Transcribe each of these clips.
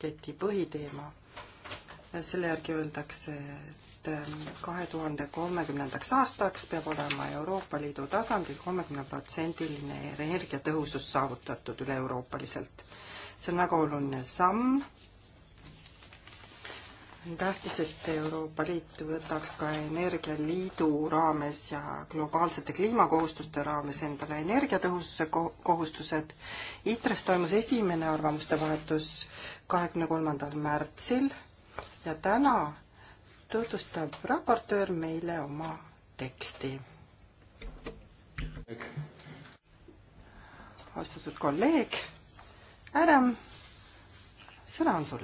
paketi põhiteema. selle järgi öeldakse, et ähm, kahe tuhande kolmekümnendaks aastaks peab olema Euroopa Liidu tasandil kolmekümneprotsendiline energiatõhusus saavutatud üle-euroopaliselt. see on väga oluline samm on tähtis, et Euroopa Liit võtaks ka Energialiidu raames ja globaalsete kliimakohustuste raames endale energiatõhususe kohustused. ITRES toimus esimene arvamuste vahetus kahekümne kolmandal märtsil ja täna tutvustab raportöör meile oma teksti. austatud kolleeg Adam, sõna on sul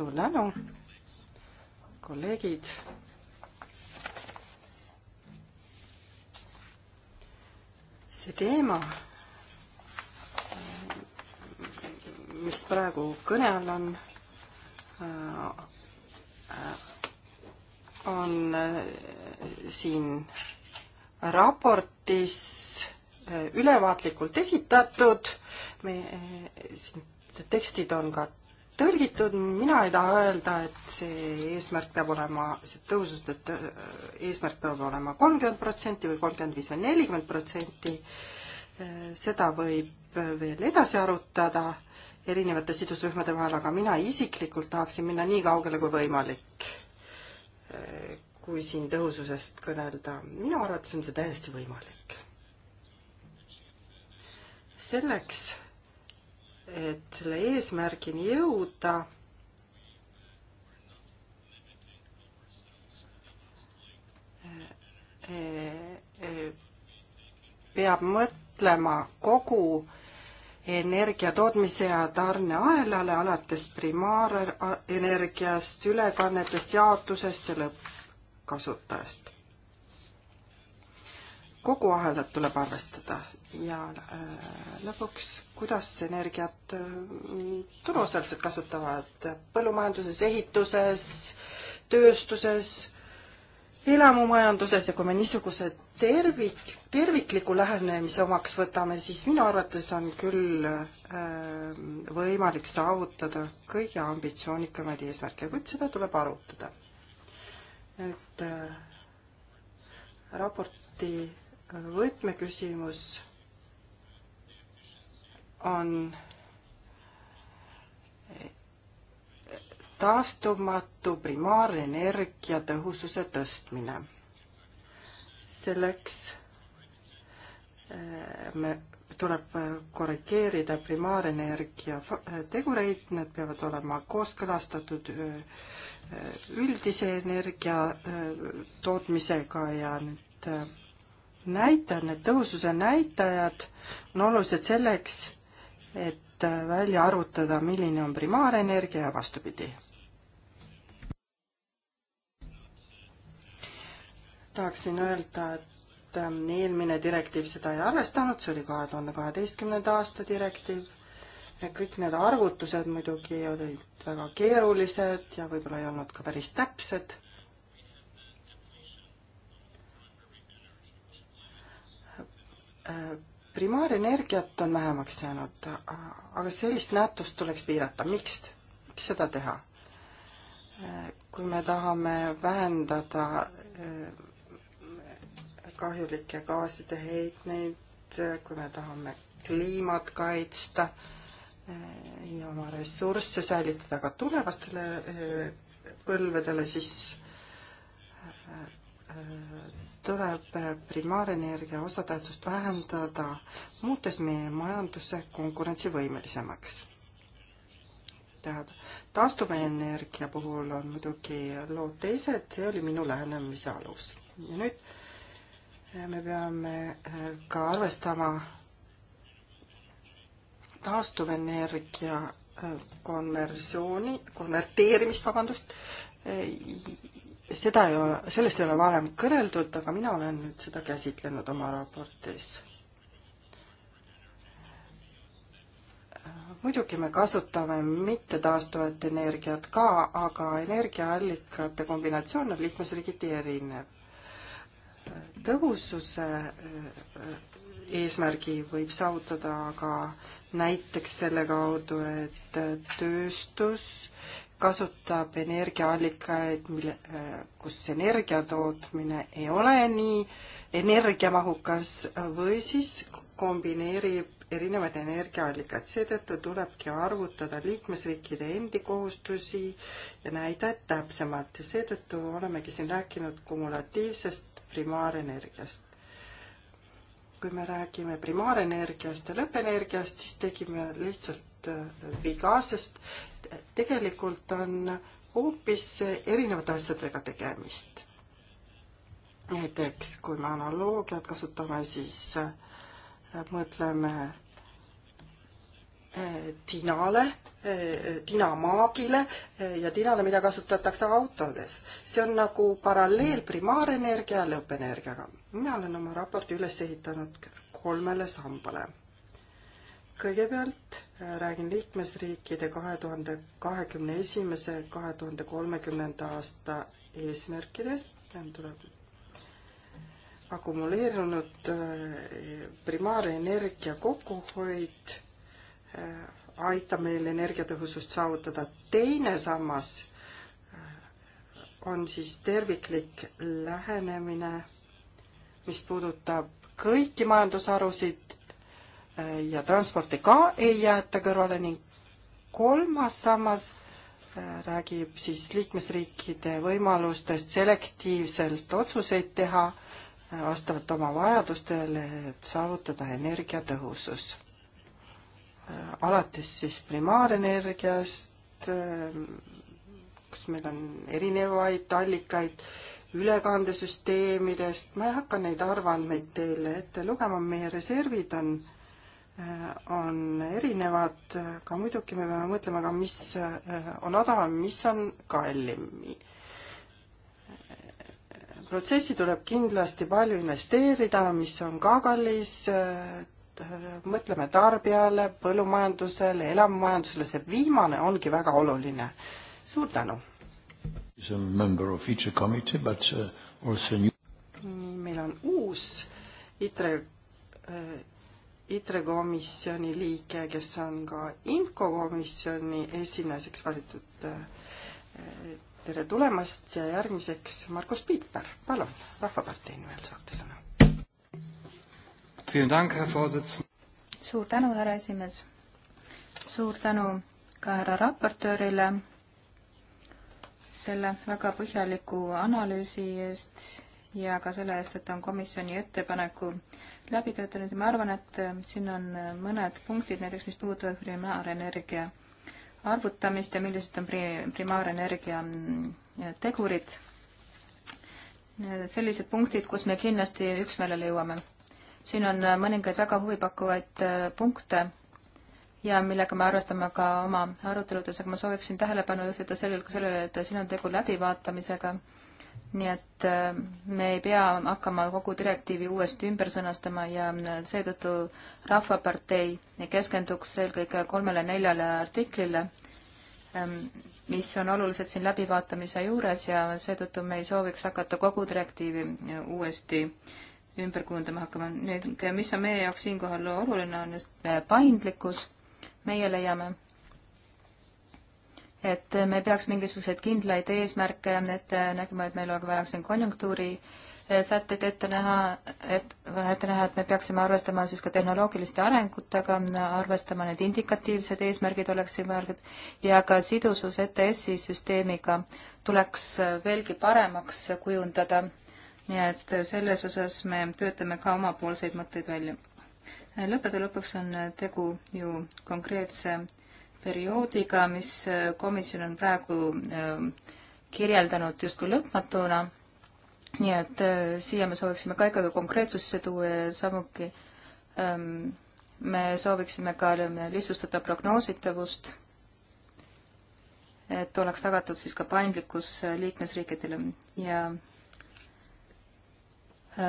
suur tänu, kolleegid. see teema, mis praegu kõne all on, on siin raportis ülevaatlikult esitatud, me, siin tekstid on ka tõlgitud, mina ei taha öelda, et see eesmärk peab olema, see tõusude eesmärk peab olema kolmkümmend protsenti või kolmkümmend viis või nelikümmend protsenti. seda võib veel edasi arutada erinevate sidusrühmade vahel, aga mina isiklikult tahaksin minna nii kaugele kui võimalik, kui siin tõhususest kõnelda. minu arvates on see täiesti võimalik. selleks et selle eesmärgini jõuda, eh, eh, peab mõtlema kogu energia tootmise ja tarneahelale, alates primaarenergiast, ülekannetest, jaotusest ja lõppkasutajast. kogu ahelat tuleb arvestada ja eh, lõpuks kuidas energiat mm, turuosalised kasutavad põllumajanduses, ehituses, tööstuses, elamumajanduses ja kui me niisuguse tervik, tervikliku lähenemise omaks võtame, siis minu arvates on küll äh, võimalik saavutada kõige ambitsioonikamaid eesmärke, kuid seda tuleb arutada. et äh, raporti äh, võtmeküsimus on taastumatu primaarenergia tõhususe tõstmine. selleks äh, me, tuleb korrigeerida primaarenergia äh, tegureid, need peavad olema kooskõlastatud äh, üldise energia tootmisega ja need näitajad, need tõhususe näitajad on olulised selleks, et välja arvutada, milline on primaarenergia ja vastupidi. tahaksin öelda, et ähm, eelmine direktiiv seda ei arvestanud, see oli kahe tuhande kaheteistkümnenda aasta direktiiv. kõik need arvutused muidugi olid väga keerulised ja võib-olla ei olnud ka päris täpsed äh, primaarenergiat on vähemaks jäänud, aga sellist nähtust tuleks piirata, miks, miks seda teha? kui me tahame vähendada eh, kahjulike gaaside heitmeid, kui me tahame kliimat kaitsta eh, ja oma ressursse säilitada ka tulevastele eh, põlvedele, siis tuleb primaarenergia osatähtsust vähendada, muutes meie majanduse konkurentsivõimelisemaks. tähendab, taastuvenergia puhul on muidugi lood teised, see oli minu lähenemise alus. ja nüüd eh, me peame eh, ka arvestama taastuvenergia eh, konversiooni, konverteerimist, vabandust, seda ei ole, sellest ei ole varem kõneldud, aga mina olen nüüd seda käsitlenud oma raportis. muidugi me kasutame mittetaastuvat energiat ka, aga energiaallikate kombinatsioon on liikmesriigiti erinev. tõhususe äh, eesmärgi võib saavutada aga näiteks selle kaudu, et tööstus kasutab energiaallikaid, mille, kus energia tootmine ei ole nii energiamahukas või siis kombineerib erinevaid energiaallikaid, seetõttu tulebki arvutada liikmesriikide endi kohustusi ja näidaid täpsemalt ja seetõttu olemegi siin rääkinud kumulatiivsest primaarenergiast. kui me räägime primaarenergiast ja lõppenergiast, siis tegime lihtsalt suurt äh, viga, sest tegelikult on hoopis erinevate asjadega tegemist. näiteks kui me analoogiat kasutame, siis äh, mõtleme äh, tinale, tinamaagile ja tinale, mida kasutatakse autodes. see on nagu paralleel primaarenergia ja lõppenergiaga. mina olen oma raporti üles ehitanud kolmele sambale. kõigepealt räägin liikmesriikide kahe tuhande kahekümne esimese, kahe tuhande kolmekümnenda aasta eesmärkidest, tuleb akumuleerunud eh, primaarenergia kokkuhoid eh, aitab meil energiatõhusust saavutada. teine sammas eh, on siis terviklik lähenemine, mis puudutab kõiki majandusharusid ja transporti ka ei jäeta kõrvale ning kolmas sammas äh, räägib siis liikmesriikide võimalustest selektiivselt otsuseid teha äh, vastavalt oma vajadustele, et saavutada energiatõhusus. Äh, alates siis primaarenergiast, kus meil on erinevaid allikaid, ülekandesüsteemidest, ma ei hakka neid arvandmeid teile ette lugema, meie reservid on äh, Äh, on erinevad, aga muidugi me peame mõtlema ka, mis äh, on odavam, mis on kallim. protsessi tuleb kindlasti palju investeerida, mis on ka kallis, äh, mõtleme tarbijale, põllumajandusele, elamumajandusele, see viimane ongi väga oluline. suur tänu! Uh, meil on uus ITRE ITRE komisjoni liige, kes on ka IMCO komisjoni esinaiseks valitud. tere tulemast ja järgmiseks Margus Piiper, palun, Rahvapartei nimel saate sõna. suur tänu, härra esimees. suur tänu ka härra raportöörile selle väga põhjaliku analüüsi eest ja ka selle eest, et ta on komisjoni ettepaneku läbi töötanud ja ma arvan, et äh, siin on äh, mõned punktid näiteks, mis puudutavad primaarenergia arvutamist ja millised on pri-, primaarenergia mm, äh, tegurid. sellised punktid, kus me kindlasti üksmeelele jõuame. siin on mõningaid väga huvipakkuvaid punkte ja millega me arvestame ka oma aruteludes, aga ma sooviksin tähelepanu juhtida sellele, sellele, et siin on tegu läbivaatamisega nii et äh, me ei pea hakkama kogu direktiivi uuesti ümber sõnastama ja äh, seetõttu Rahvapartei keskenduks eelkõige kolmele-neljale artiklile, ähm, mis on olulised siin läbivaatamise juures ja seetõttu me ei sooviks hakata kogu direktiivi äh, uuesti ümber kujundama hakkama. nüüd, mis on meie jaoks siinkohal oluline, on just paindlikkus, meie leiame et me ei peaks mingisuguseid kindlaid eesmärke ette nägema, et meil on vaja siin konjunktuuri eh, sätteid ette näha, et ette näha, et me peaksime arvestama siis ka tehnoloogiliste arengutega, arvestama need indikatiivsed eesmärgid oleksid mõeldud ja ka sidusus ETS-i süsteemiga tuleks veelgi paremaks kujundada. nii et selles osas me töötame ka omapoolseid mõtteid välja. lõppude lõpuks on tegu ju konkreetse perioodiga, mis äh, komisjon on praegu ähm, kirjeldanud justkui lõpmatuna. nii et äh, siia me sooviksime ka ikkagi konkreetsusse tuua ja samuti ähm, me sooviksime ka äh, lihtsustada prognoositavust, et oleks tagatud siis ka paindlikkus liikmesriikidele ja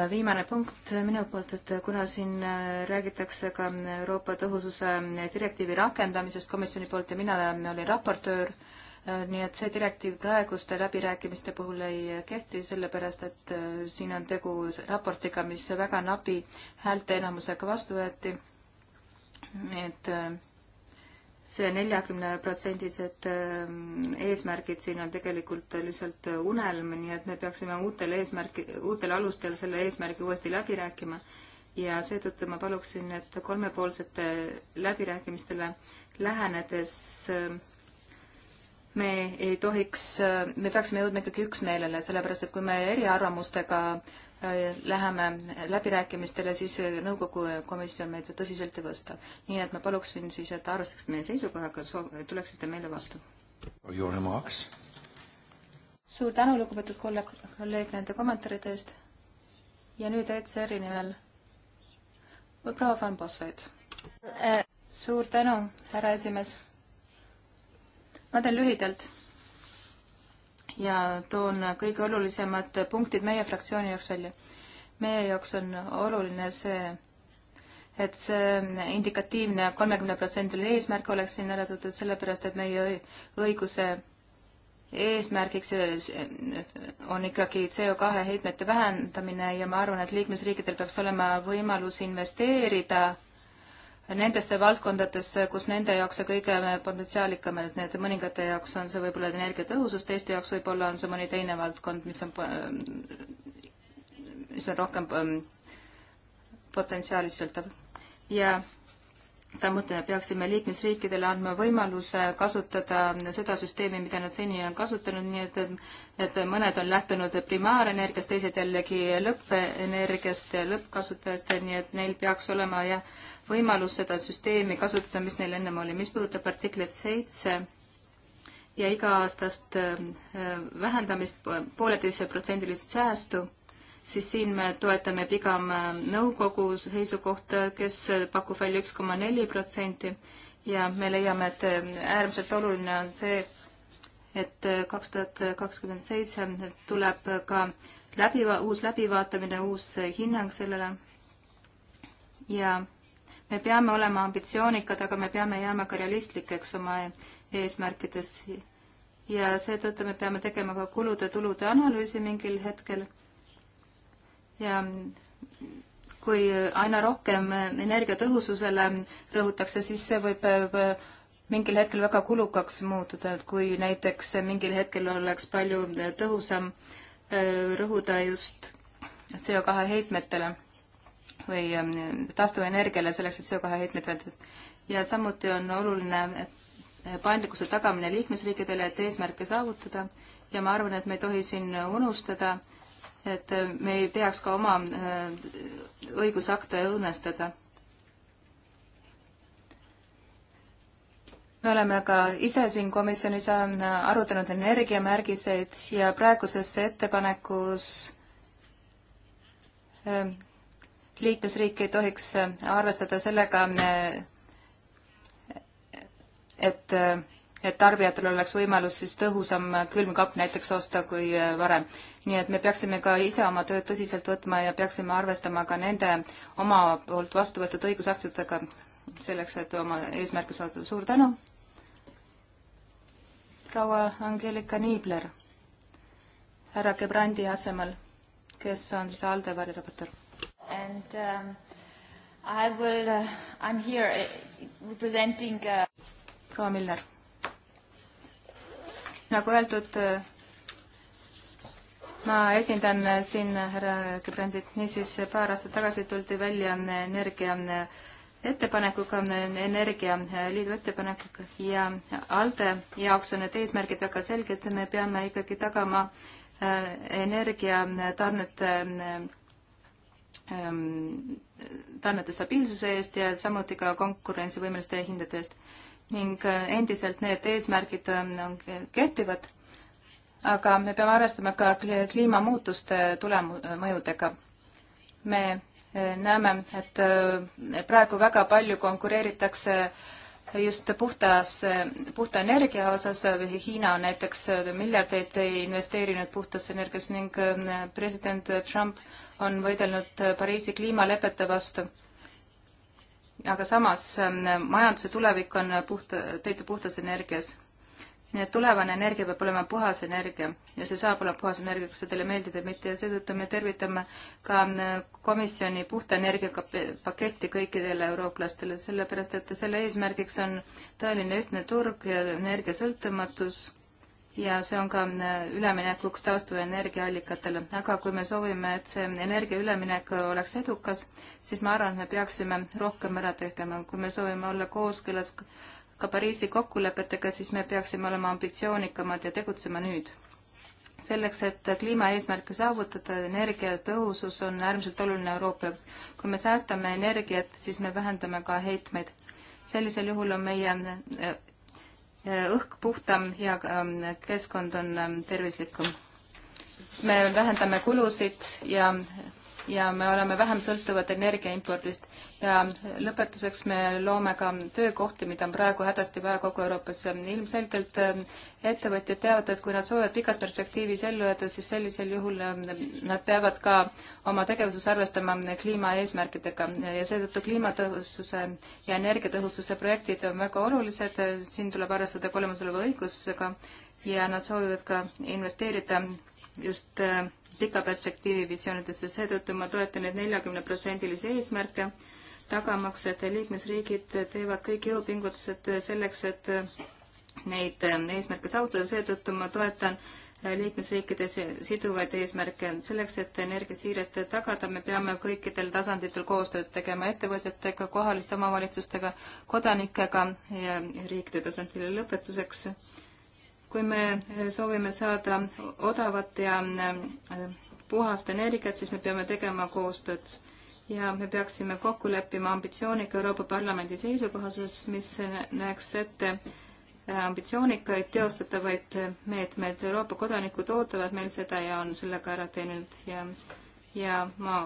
viimane punkt minu poolt, et kuna siin äh, räägitakse ka Euroopa tõhususe direktiivi rakendamisest komisjoni poolt ja mina olin raportöör, äh, nii et see direktiiv praeguste läbirääkimiste puhul ei kehti, sellepärast et äh, siin on tegu raportiga, mis väga napi häälteenamusega vastu võeti. nii et äh, see neljakümneprotsendised ähm, eesmärgid siin on tegelikult lihtsalt unelm, nii et me peaksime uutel eesmärk, uutel alustel selle eesmärgi uuesti läbi rääkima ja seetõttu ma paluksin, et kolmepoolsete läbirääkimistele lähenedes ähm, me ei tohiks, me peaksime jõudma ikkagi üksmeelele, sellepärast et kui me eriarvamustega äh, läheme läbirääkimistele, siis nõukogu komisjon meid ju tõsiselt ei võsta. nii et ma paluksin siis, et arvestaksite meie seisukohaga, tuleksite meile vastu. suur tänu, lugupeetud kolleeg, kolleeg nende kommentaaride eest. ja nüüd ECR-i nimel proua Van Bossoid. Äh. suur tänu, härra esimees ma teen lühidalt ja toon kõige olulisemad punktid meie fraktsiooni jaoks välja. meie jaoks on oluline see, et see indikatiivne kolmekümneprotsendiline eesmärk oleks siin ära toodud, sellepärast et meie õiguse eesmärgiks on ikkagi CO2 heitmete vähendamine ja ma arvan, et liikmesriikidel peaks olema võimalus investeerida nendesse valdkondadesse, kus nende jaoks see kõige potentsiaalikam on, et need mõningate jaoks on see võib-olla energiatõhusus, teiste jaoks võib-olla on see mõni teine valdkond, mis on, mis on rohkem ähm, potentsiaalist sõltuv. ja samuti me peaksime liikmesriikidele andma võimaluse kasutada seda süsteemi, mida nad seni on kasutanud, nii et, et mõned on lähtunud primaarenergiast, teised jällegi lõppenergiast ja lõppkasutajast, nii et neil peaks olema jah, võimalus seda süsteemi kasutada, mis neil ennem oli. mis puudutab artiklit seitse ja iga-aastast ähm, äh, vähendamist pooleteiseprotsendilist säästu, siis siin me toetame pigem ähm, nõukogu seisukohta, kes äh, pakub välja üks koma neli protsenti ja me leiame, et ähm, äärmiselt oluline on see, et äh, kaks tuhat kakskümmend seitse tuleb ka läbi, uus läbivaatamine, uus hinnang sellele ja me peame olema ambitsioonikad, aga me peame jääma ka realistlikeks oma eesmärkides. ja seetõttu me peame tegema ka kulude-tulude analüüsi mingil hetkel. ja kui aina rohkem energiatõhususele rõhutakse, siis see võib mingil hetkel väga kulukaks muutuda, et kui näiteks mingil hetkel oleks palju tõhusam äh, rõhuda just CO2 heitmetele või ähm, taastuvenergiale selleks, et CO2 heitmeid väldada. ja samuti on oluline paindlikkuse tagamine liikmesriikidele, et eesmärke saavutada ja ma arvan, et me ei tohi siin unustada, et äh, me ei peaks ka oma äh, õigusakte õõnestada. me oleme ka ise siin komisjonis äh, arutanud energiamärgiseid ja praeguses ettepanekus liikmesriik ei tohiks äh, arvestada sellega, äh, et, äh, et tarbijatel oleks võimalus siis tõhusam külmkapp näiteks osta kui varem. nii et me peaksime ka ise oma tööd tõsiselt võtma ja peaksime arvestama ka nende oma poolt vastu võetud õigusaktidega selleks, et oma eesmärke saada. suur tänu! proua Angelika Niibler härra Gebrandi asemel, kes on siis ALDE variraportöör and um, I will, uh, I'm here uh, representing uh... proua Miller. nagu öeldud, uh, ma esindan uh, siin härra Gebrandit, niisiis paar aastat tagasi tuldi välja energia ettepanekuga, Energialiidu ettepanekuga ja ALDE jaoks on need eesmärgid väga selged, me peame ikkagi tagama energiatarnete Ähm, tarnete stabiilsuse eest ja samuti ka konkurentsivõimeliste hindade eest. ning äh, endiselt need eesmärgid ähm, on kehtivad, aga me peame arvestama ka kliimamuutuste tulemu-, äh, mõjudega. me äh, näeme, et praegu väga palju konkureeritakse äh, just puhtas, puhta energia osas, Hiina on näiteks miljardeid investeerinud puhtasse energiasse ning äh, president Trump on võidelnud Pariisi kliimalepete vastu. aga samas äh, majanduse tulevik on puhta, täita puhtas energias nii et tulevane energia peab olema puhas energia ja see saab olla puhas energia, kas see teile meeldib või mitte ja seetõttu me tervitame ka äh, komisjoni puhta energiaga paketti kõikidele eurooplastele, sellepärast et selle eesmärgiks on tõeline ühtne turg ja energiasõltumatus ja see on ka äh, üleminekuks taastuvenergiaallikatele. aga kui me soovime, et see energia üleminek oleks edukas, siis ma arvan, et me peaksime rohkem ära tegema, kui me soovime olla kooskõlas ka Pariisi kokkulepetega, siis me peaksime olema ambitsioonikamad ja tegutsema nüüd. selleks, et kliimaeesmärke saavutada, energiatõhusus on äärmiselt oluline Euroopa jaoks. kui me säästame energiat, siis me vähendame ka heitmeid. sellisel juhul on meie eh, õhk puhtam ja eh, keskkond on eh, tervislikum. siis me vähendame kulusid ja ja me oleme vähem sõltuvad energiaimpordist. ja lõpetuseks me loome ka töökohti, mida on praegu hädasti vaja kogu Euroopas. ilmselgelt ähm, ettevõtjad teavad, et kui nad soovivad pikas perspektiivis ellu jääda, siis sellisel juhul ähm, nad peavad ka oma tegevuses arvestama kliimaeesmärkidega ja seetõttu kliimatõhususe ja energiatõhususe projektid on väga olulised. siin tuleb arvestada ka olemasoleva õigusega ja nad soovivad ka investeerida just äh, pika perspektiivi visioonidesse, seetõttu ma toetan neid neljakümneprotsendilisi eesmärke, tagamaks, et liikmesriigid teevad kõik jõupingutused selleks, et äh, neid äh, eesmärke saavutada, seetõttu ma toetan liikmesriikides siduvaid eesmärke. selleks, et energiasiiret tagada, me peame kõikidel tasanditel koostööd tegema ettevõtjatega, kohaliste omavalitsustega, kodanikega ja riikide tasandil. lõpetuseks kui me eh, soovime saada odavat ja eh, puhast energiat, siis me peame tegema koostööd ja me peaksime kokku leppima ambitsiooniga Euroopa Parlamendi seisukohas, mis näeks ette eh, ambitsioonikaid teostatavaid meetmeid. Euroopa kodanikud ootavad meil seda ja on sellega ära teinud ja, ja ma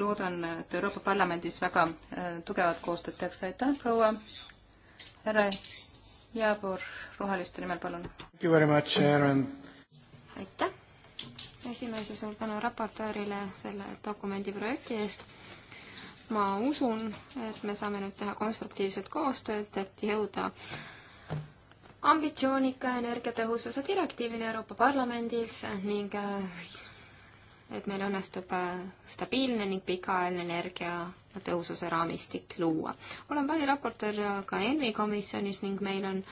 loodan, et Euroopa Parlamendis väga tugevat koostööd tehakse. aitäh, proua härra Jaabur Roheliste nimel, palun. aitäh, esimees ja suur tänu raportöörile selle dokumendi projekti eest. ma usun, et me saame nüüd teha konstruktiivset koostööd, et jõuda ambitsioonika energiatõhususe direktiivini Euroopa Parlamendis ning äh, et meil õnnestub äh, stabiilne ning pikaajaline energia tõhususe raamistik luua. olen variraportöör ka ENVI komisjonis ning meil on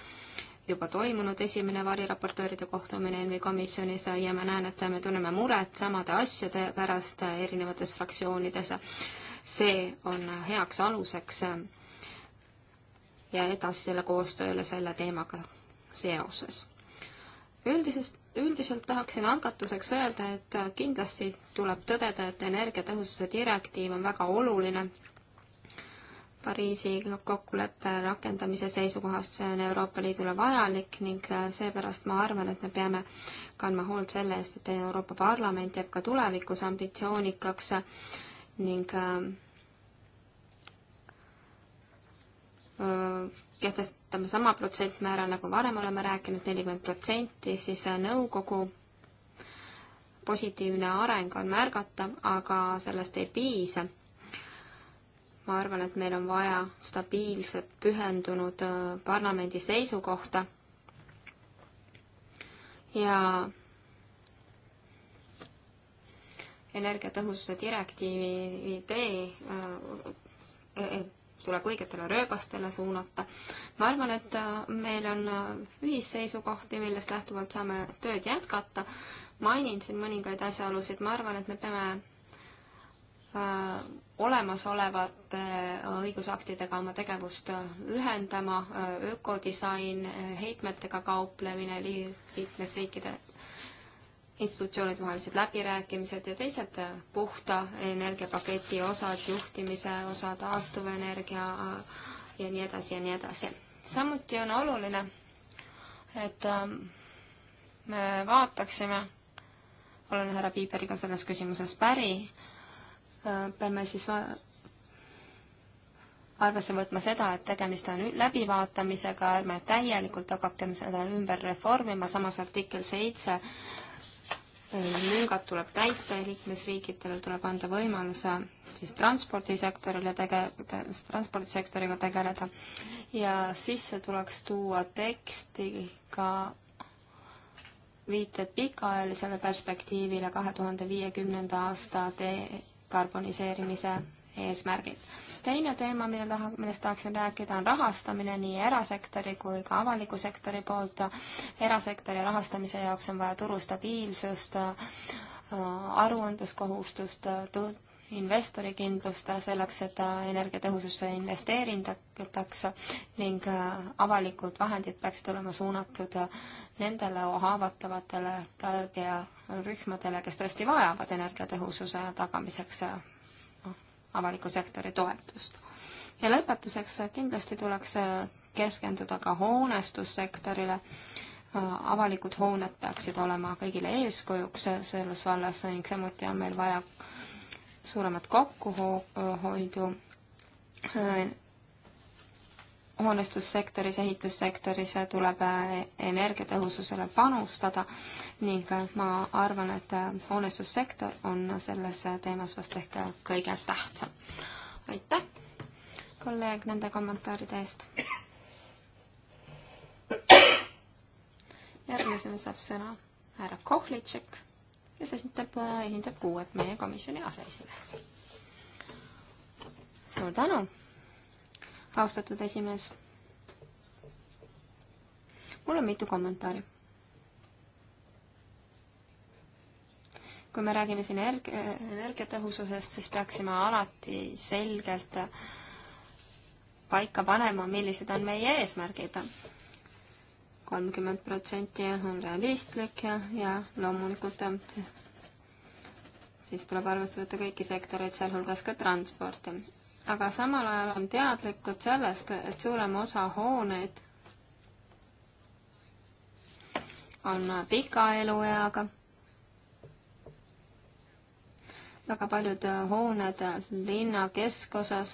juba toimunud esimene variraportööride kohtumine ENVI komisjonis ja ma näen, et me tunneme muret samade asjade pärast erinevates fraktsioonides. see on heaks aluseks äh, ja edasisele koostööle selle teemaga seoses. üldisest üldiselt tahaksin algatuseks öelda, et kindlasti tuleb tõdeda, et energiatõhususe direktiiv on väga oluline Pariisi kokkuleppe rakendamise seisukohast, see on Euroopa Liidule vajalik ning seepärast ma arvan, et me peame kandma hoolt selle eest, et Euroopa Parlament jääb ka tulevikus ambitsioonikaks ning äh, kehtestame sama protsentmäära, nagu varem oleme rääkinud, nelikümmend protsenti, siis nõukogu positiivne areng on märgata, aga sellest ei piisa. ma arvan, et meil on vaja stabiilset, pühendunud äh, parlamendi seisukohta ja energiatõhususe direktiivi idee äh, e, e, tuleb õigetele rööbastele suunata. ma arvan, et äh, meil on äh, ühisseisukohti, millest lähtuvalt saame tööd jätkata. mainin siin mõningaid asjaolusid, ma arvan, et me peame äh, olemasolevate õigusaktidega oma tegevust ühendama, ökodisain, heitmetega kauplemine liikmesriikide institutsioonide vahelised läbirääkimised ja teised puhta energiapaketi osad, juhtimise osa, taastuvenergia ja nii edasi ja nii edasi. samuti on oluline, et ähm, me vaataksime, olen härra Piiperiga selles küsimuses päri, äh, peame siis arvesse võtma seda, et tegemist on läbivaatamisega, ärme täielikult hakakem seda ümber reformima, samas artikkel seitse lüngad tuleb täita ja liikmesriikidele tuleb anda võimaluse siis transpordisektorile tege-, transpordisektoriga tegeleda ja sisse tuleks tuua teksti ka viited pikaajalisele perspektiivile kahe tuhande viiekümnenda aasta dekarboniseerimise eesmärgid teine teema, mille taha, millest tahaksin rääkida, on rahastamine nii erasektori kui ka avaliku sektori poolt. erasektori rahastamise jaoks on vaja turu stabiilsust, aruandluskohustust, investori kindlust selleks, et energiatõhususse investeeritakse ning avalikud vahendid peaksid olema suunatud nendele haavatavatele tarbijarühmadele, kes tõesti vajavad energiatõhususe tagamiseks avaliku sektori toetust. ja lõpetuseks kindlasti tuleks äh, keskenduda ka hoonestussektorile. Äh, avalikud hooned peaksid olema kõigile eeskujuks äh, selles vallas ning samuti on meil vaja suuremat kokkuhoidu hoonestussektoris, ehitussektoris tuleb äh, energiatõhususele panustada ning äh, ma arvan, et äh, hoonestussektor on selles teemas vast ehk kõige tähtsam. aitäh, kolleeg, nende kommentaaride eest. järgmisena saab sõna härra Kohlitšek, kes esindab, esindab kuuet meie komisjoni aseesimehes. suur tänu austatud esimees. mul on mitu kommentaari. kui me räägime siin energia, energiatõhususest, siis peaksime alati selgelt paika panema, millised on meie eesmärgid. kolmkümmend protsenti on realistlik ja, ja loomulikult siis tuleb arvesse võtta kõiki sektoreid, sealhulgas ka transporti aga samal ajal on teadlikud sellest, et suurem osa hooneid on pika elueaga. väga paljud hooned linna keskosas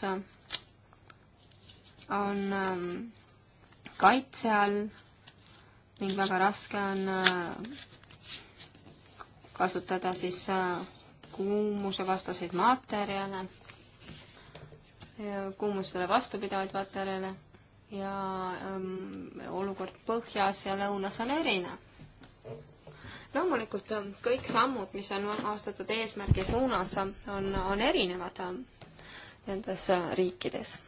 on ähm, kaitse all ning väga raske on äh, kasutada siis äh, kuumuse vastaseid materjale kuumustele vastupidavaid materjale ja ähm, olukord põhjas ja lõunas on erinev. loomulikult ähm, kõik sammud, mis on astutud eesmärgi suunas, on, on erinevad ähm, nendes äh, riikides.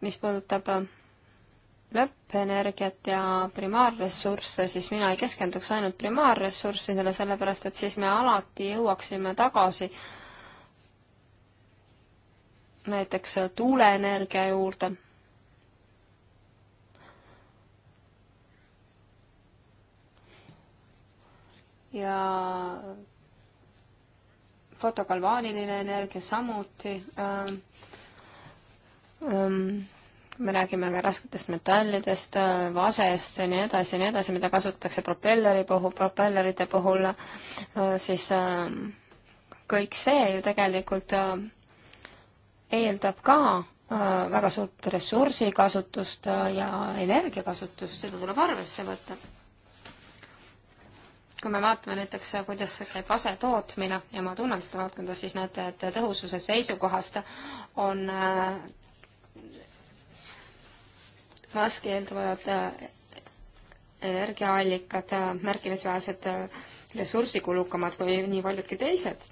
mis puudutab äh, lõppenergiat ja primaarressursse, siis mina ei keskenduks ainult primaarressurssidele, sellepärast et siis me alati jõuaksime tagasi äh, näiteks tuuleenergia juurde. ja fotokalvaaniline energia samuti ähm,. Ähm, me räägime ka rasketest metallidest, vasest ja nii edasi ja nii edasi, mida kasutatakse propelleri puhul, propellerite puhul, äh, siis ähm, kõik see ju tegelikult äh, eeldab ka äh, väga suurt ressursikasutust äh, ja energiakasutust, seda tuleb arvesse võtta. kui me vaatame näiteks, äh, kuidas käib asetootmine ja ma tunnen seda valdkonda, siis näete, et tõhususe seisukohast on maski eeldavad energiaallikad märkimisväärselt ressursikulukamad kui nii paljudki teised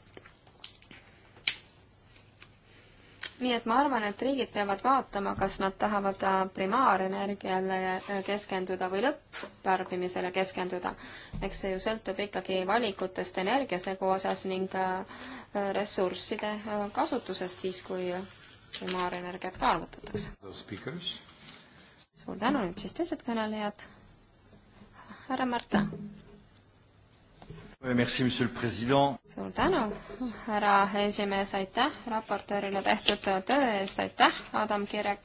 nii et ma arvan, et riigid peavad vaatama, kas nad tahavad äh, primaarenergiale äh, keskenduda või lõpptarbimisele keskenduda. eks see ju sõltub ikkagi valikutest energiasegu osas ning äh, ressursside kasutusest siis, kui primaarenergiat ka arvutatakse. suur tänu nüüd siis teised kõnelejad. härra Märta suur tänu, härra esimees, aitäh raportöörile tehtud töö eest, aitäh, Adam Kirek.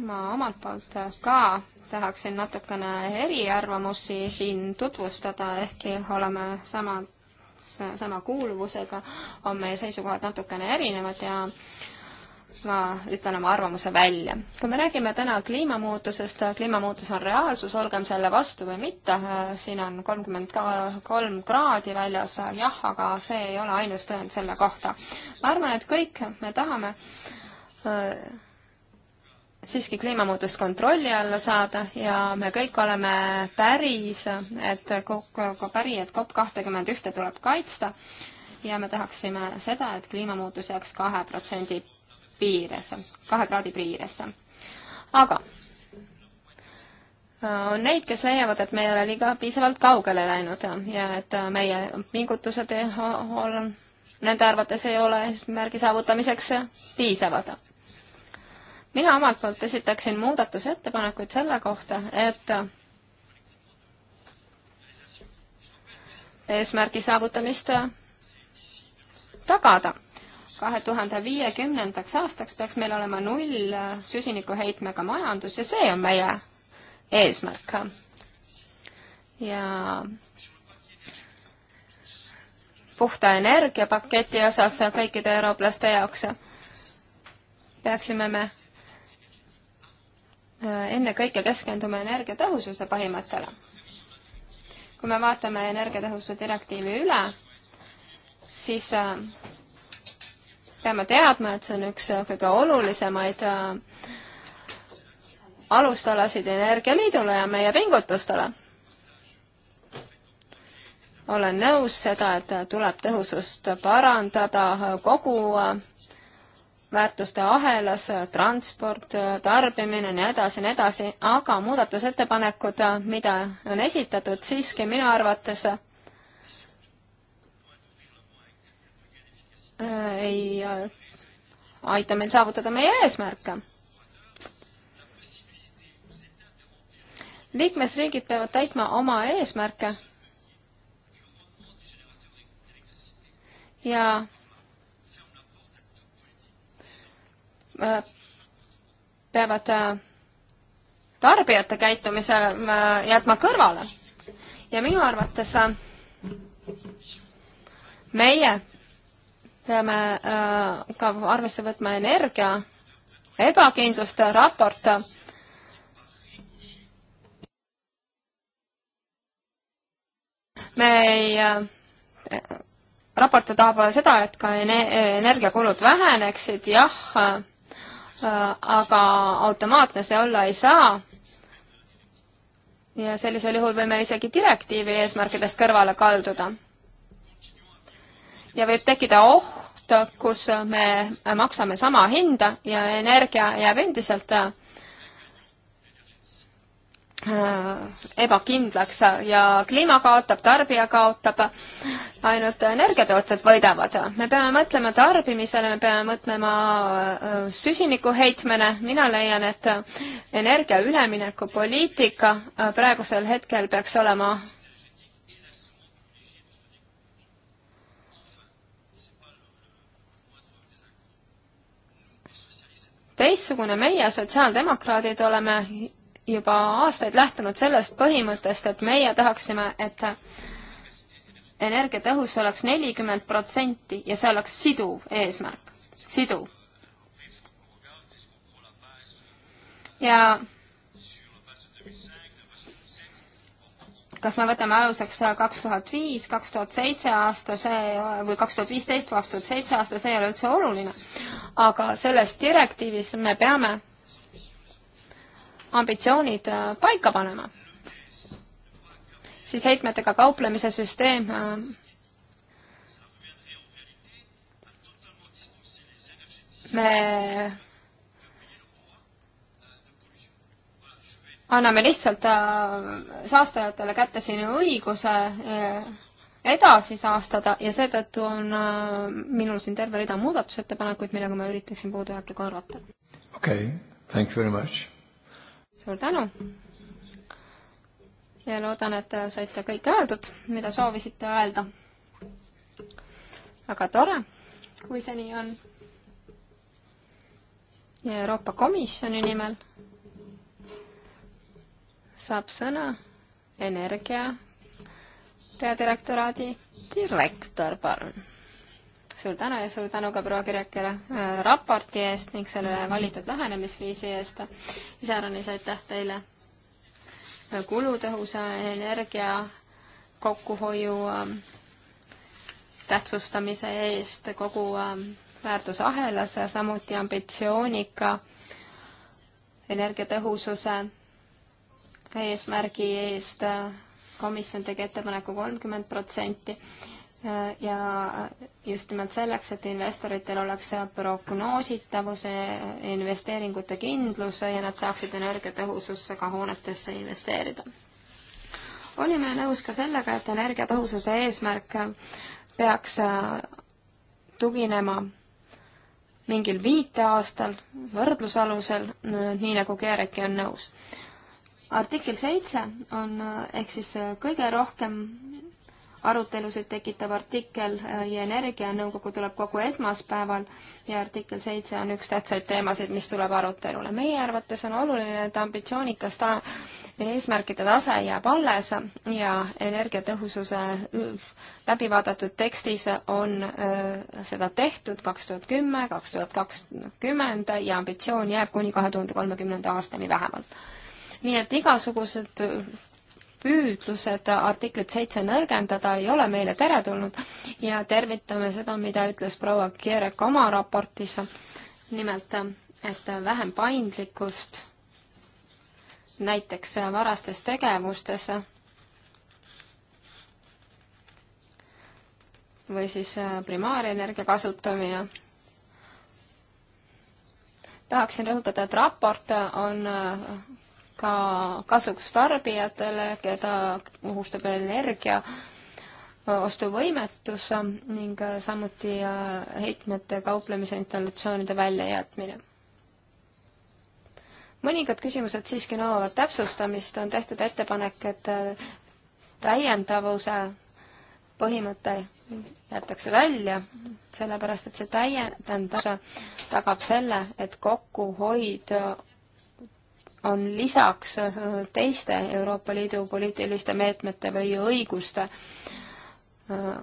ma omalt poolt ka tahaksin natukene eriarvamusi siin tutvustada, ehkki oleme sama, sama kuuluvusega, on meie seisukohad natukene erinevad ja ma ütlen oma arvamuse välja. kui me räägime täna kliimamuutusest, kliimamuutus on reaalsus, olgem selle vastu või mitte, siin on kolmkümmend kolm kraadi väljas, jah, aga see ei ole ainus tõend selle kohta. ma arvan, et kõik me tahame äh, siiski kliimamuutust kontrolli alla saada ja me kõik oleme päris, et päri, et COP kahtekümmend ühte tuleb kaitsta ja me tahaksime seda et, et kliimamuutus jääks kahe protsendi piires, kahe kraadi piires. aga äh, on neid, kes leiavad, et me ei ole liiga piisavalt kaugele läinud ja et meie pingutused on, nende arvates ei ole eesmärgi saavutamiseks piisavad. mina omalt poolt esitaksin muudatusettepanekuid selle kohta, et eesmärgi saavutamist tagada kahe tuhande viiekümnendaks aastaks peaks meil olema null süsinikuheitmega majandus ja see on meie eesmärk. ja puhta energiapaketi osas kõikide eurooplaste jaoks peaksime me äh, ennekõike keskenduma energiatõhususe põhimõttele. kui me vaatame energiatõhususe direktiivi üle, siis äh, peame teadma, et see on üks äh, kõige olulisemaid äh, alustalasid Energialiidule ja meie pingutustele. olen nõus seda, et tuleb tõhusust parandada äh, kogu väärtuste ahelas, transport, tarbimine, nii edasi, nii edasi, aga muudatusettepanekud, mida on esitatud, siiski minu arvates Äh, ei äh, aita meil saavutada meie eesmärke. liikmesriigid peavad täitma oma eesmärke ja äh, peavad tarbijate käitumise jätma kõrvale. ja minu arvates meie peame äh, ka arvesse võtma energia ebakindluste raport. me ei, äh, raport tahab seda, et ka energiakulud väheneksid, jah, äh, aga automaatne see olla ei saa ja sellisel juhul võime isegi direktiivi eesmärkidest kõrvale kalduda ja võib tekkida oht, kus me maksame sama hinda ja energia jääb endiselt äh, äh, ebakindlaks ja kliima kaotab, tarbija kaotab, ainult energiatootjad võidavad. me peame mõtlema tarbimisele, me peame mõtlema äh, süsinikuheitmele, mina leian, et energia üleminekupoliitika praegusel hetkel peaks olema teistsugune, meie, sotsiaaldemokraadid, oleme juba aastaid lähtunud sellest põhimõttest, et meie tahaksime, et energiatõhus oleks nelikümmend protsenti ja see oleks siduv eesmärk, siduv. ja kas me võtame aluseks kaks tuhat viis, kaks tuhat seitse aasta, see või kaks tuhat viisteist, kaks tuhat seitse aasta, see ei ole üldse oluline. aga selles direktiivis me peame ambitsioonid äh, paika panema. siis heitmetega kauplemise süsteem äh, me anname lihtsalt äh, saastajatele kätte siin õiguse äh, edasi saastada ja seetõttu on äh, minul siin terve rida muudatusettepanekuid, millega ma üritaksin puudujääke korvata. okei okay,, thank you very much. suur tänu. ja loodan, et saite kõik öeldud, mida soovisite öelda. väga tore, kui see nii on. ja Euroopa Komisjoni nimel saab sõna energia peadirektoraadi direktor, palun. suur tänu ja suur tänu ka proua Kirjakile äh, raporti eest ning selle valitud lähenemisviisi eest. iseäranis aitäh teile kulutõhusa energia kokkuhoiu äh, tähtsustamise eest kogu äh, väärtusahelas ja samuti ambitsioonika energiatõhususe eesmärgi eest, komisjon tegi ettepaneku kolmkümmend protsenti ja just nimelt selleks, et investoritel oleks prognoositavuse, investeeringute kindluse ja nad saaksid energiatõhususse ka hoonetesse investeerida. olime nõus ka sellega, et energiatõhususe eesmärk peaks tuginema mingil viiteaastal võrdlusalusel, nii nagu Kereki on nõus artikkel seitse on eh, ehk siis eh, kõige rohkem arutelusid tekitav artikkel eh, ja energianõukogu tuleb kogu esmaspäeval ja artikkel seitse on üks tähtsaid teemasid, mis tuleb arutelule. meie arvates on oluline, et ambitsioonikas ta eesmärkide tase jääb alles ja energiatõhususe läbi vaadatud tekstis on öö, seda tehtud kaks tuhat kümme, kaks tuhat kakskümmend ja ambitsioon jääb kuni kahe tuhande kolmekümnenda aastani vähemalt nii et igasugused püüdlused artiklit seitse nõrgendada ei ole meile teretulnud ja tervitame seda, mida ütles proua Kierek oma raportis, nimelt, et vähem paindlikkust näiteks varastes tegevustes või siis primaarenergia kasutamine. tahaksin rõhutada, et raport on ka kasuks tarbijatele, keda ohustab energia ostuvõimetus ähm, ning äh, samuti äh, heitmete kauplemise installatsioonide väljajätmine. mõningad küsimused siiski nõuavad täpsustamist, on tehtud ettepanek, et äh, täiendavuse põhimõte jätakse välja, sellepärast et see täiendavus tagab selle, et kokkuhoid on lisaks äh, teiste Euroopa Liidu poliitiliste meetmete või õiguste äh,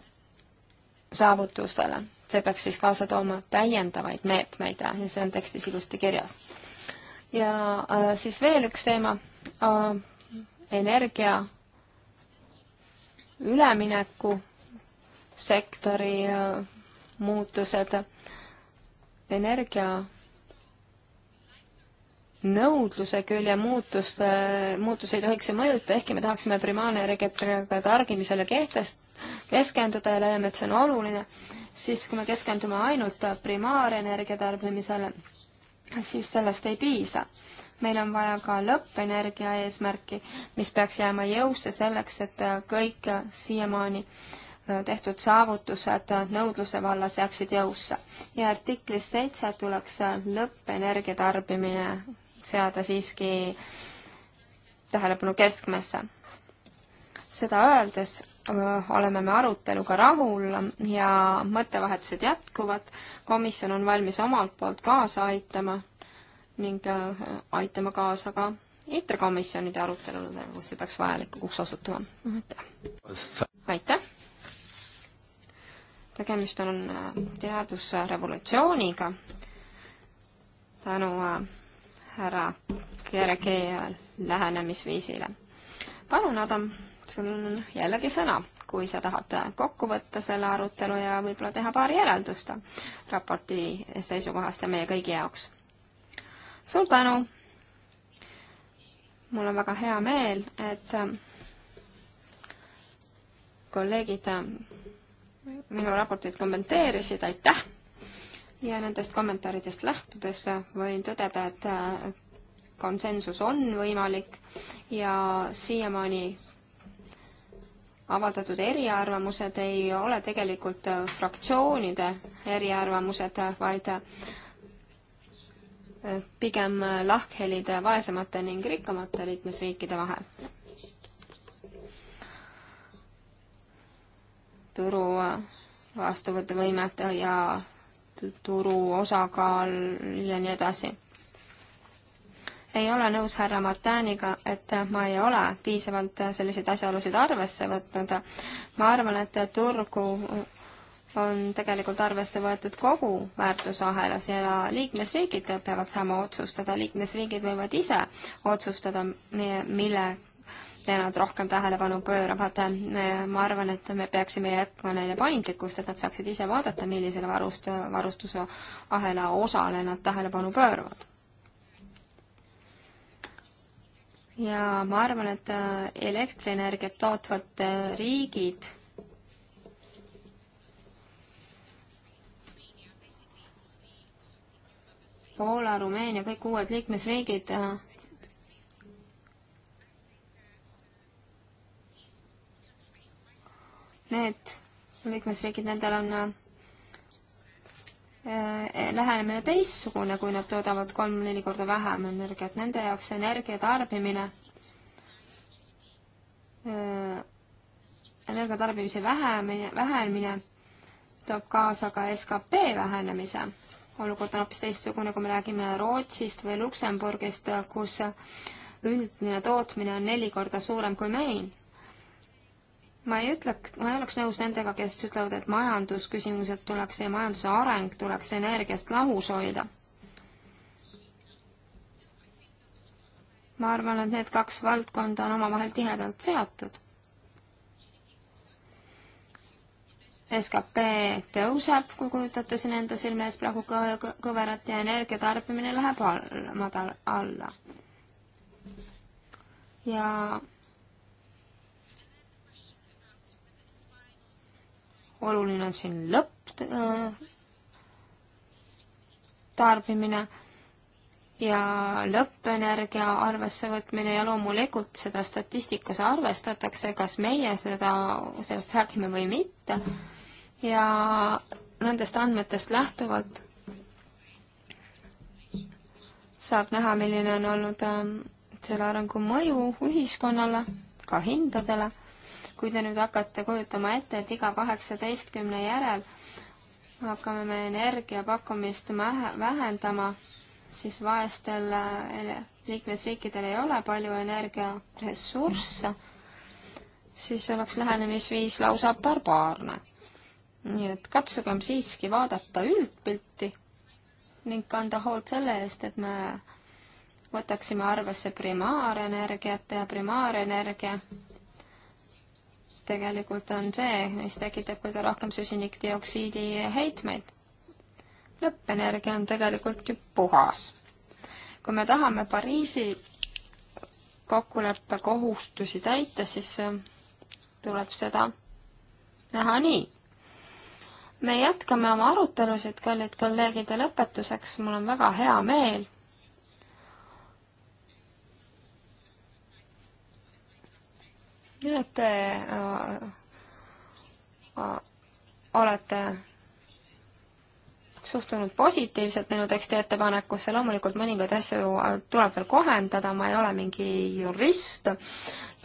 saavutustele. see peaks siis kaasa tooma täiendavaid meetmeid ja see on tekstis ilusti kirjas. ja äh, siis veel üks teema, energia ülemineku sektori muutused, energia nõudluse külje muutust, muutus ei tohiks see mõjuta, ehkki me tahaksime primaarne registriga targimisele kehtest-, keskenduda ja leiame, et see on oluline, siis kui me keskendume ainult primaarenergia tarbimisele, siis sellest ei piisa. meil on vaja ka lõppenergia eesmärki, mis peaks jääma jõusse selleks, et kõik siiamaani tehtud saavutused nõudluse vallas jääksid jõusse. ja artiklis seitse tuleks lõppenergia tarbimine seada siiski tähelepanu keskmesse. seda öeldes oleme me aruteluga rahul ja mõttevahetused jätkuvad. komisjon on valmis omalt poolt kaasa aitama ning aitama kaasa ka interkomisjonide aruteludele, kus see peaks vajalikuks osutuma. aitäh! aitäh! tegemist on teadusrevolutsiooniga tänu härra Gergi lähenemisviisile. palun, Adam, sul on jällegi sõna, kui sa tahad kokku võtta selle arutelu ja võib-olla teha paari järeldust raporti seisukohast ja meie kõigi jaoks. suur tänu! mul on väga hea meel, et kolleegid minu raportit kommenteerisid, aitäh! ja nendest kommentaaridest lähtudes võin tõdeda, et äh, konsensus on võimalik ja siiamaani avaldatud eriarvamused ei ole tegelikult äh, fraktsioonide eriarvamused, vaid äh, pigem lahkhelid vaesemate ning rikkamate liikmesriikide vahel. turu vastuvõtuvõimet ja turu osakaal ja nii edasi. ei ole nõus härra Martiniga, et ma ei ole piisavalt selliseid asjaolusid arvesse võtnud. ma arvan, et turgu on tegelikult arvesse võetud kogu väärtusahelas ja liikmesriigid peavad sama otsustada, liikmesriigid võivad ise otsustada, mille nad rohkem tähelepanu pööravad. ma arvan, et me peaksime jätma neile paindlikkust, et nad saaksid ise vaadata, millisele varust, varustusahela osale nad tähelepanu pööravad. ja ma arvan, et äh, elektrienergiat tootvad riigid Poola, Rumeenia, kõik uued liikmesriigid äh, need liikmesriigid, nendel on äh, äh, lähenemine teistsugune, kui nad toodavad kolm-neli korda vähem energiat. Nende jaoks energia tarbimine, äh, energia tarbimise vähemine, vähenemine toob kaasa ka skp vähenemise. olukord on hoopis teistsugune, kui me räägime Rootsist või Luksemburgist, kus üldine tootmine on neli korda suurem kui meil ma ei ütle, ma ei oleks nõus nendega, kes ütlevad, et majandusküsimused tuleks ja majanduse areng tuleks energiast lahus hoida. ma arvan, et need kaks valdkonda on omavahel tihedalt seotud. skp tõuseb, kui kujutate siin enda silme ees praegu kõ kõverat ja energia tarbimine läheb all, madal alla. ja oluline on siin lõpptarbimine äh, ja lõppenergia arvesse võtmine ja loomulikult seda statistikas arvestatakse, kas meie seda, sellest räägime või mitte. ja nendest andmetest lähtuvalt saab näha, milline on olnud ähm, selle arengu mõju ühiskonnale, ka hindadele kui te nüüd hakkate kujutama ette, et iga kaheksateistkümne järel hakkame me energiapakkumist vähendama, siis vaestel äh, liikmesriikidel ei ole palju energiaressursse, siis oleks lähenemisviis lausa barbaarne. nii et katsugem siiski vaadata üldpilti ning kanda hoolt selle eest, et me võtaksime arvesse primaarenergiat ja primaarenergia tegelikult on see, mis tekitab kõige rohkem süsinikdioksiidi heitmeid. lõppenergia on tegelikult ju puhas. kui me tahame Pariisi kokkuleppe kohustusi täita, siis äh, tuleb seda näha nii me jätkame oma arutelusid, kallid kolleegid, ja lõpetuseks mul on väga hea meel, nii et te äh, äh, olete suhtunud positiivselt minu teksti ettepanekusse, loomulikult mõningaid asju äh, tuleb veel kohendada, ma ei ole mingi jurist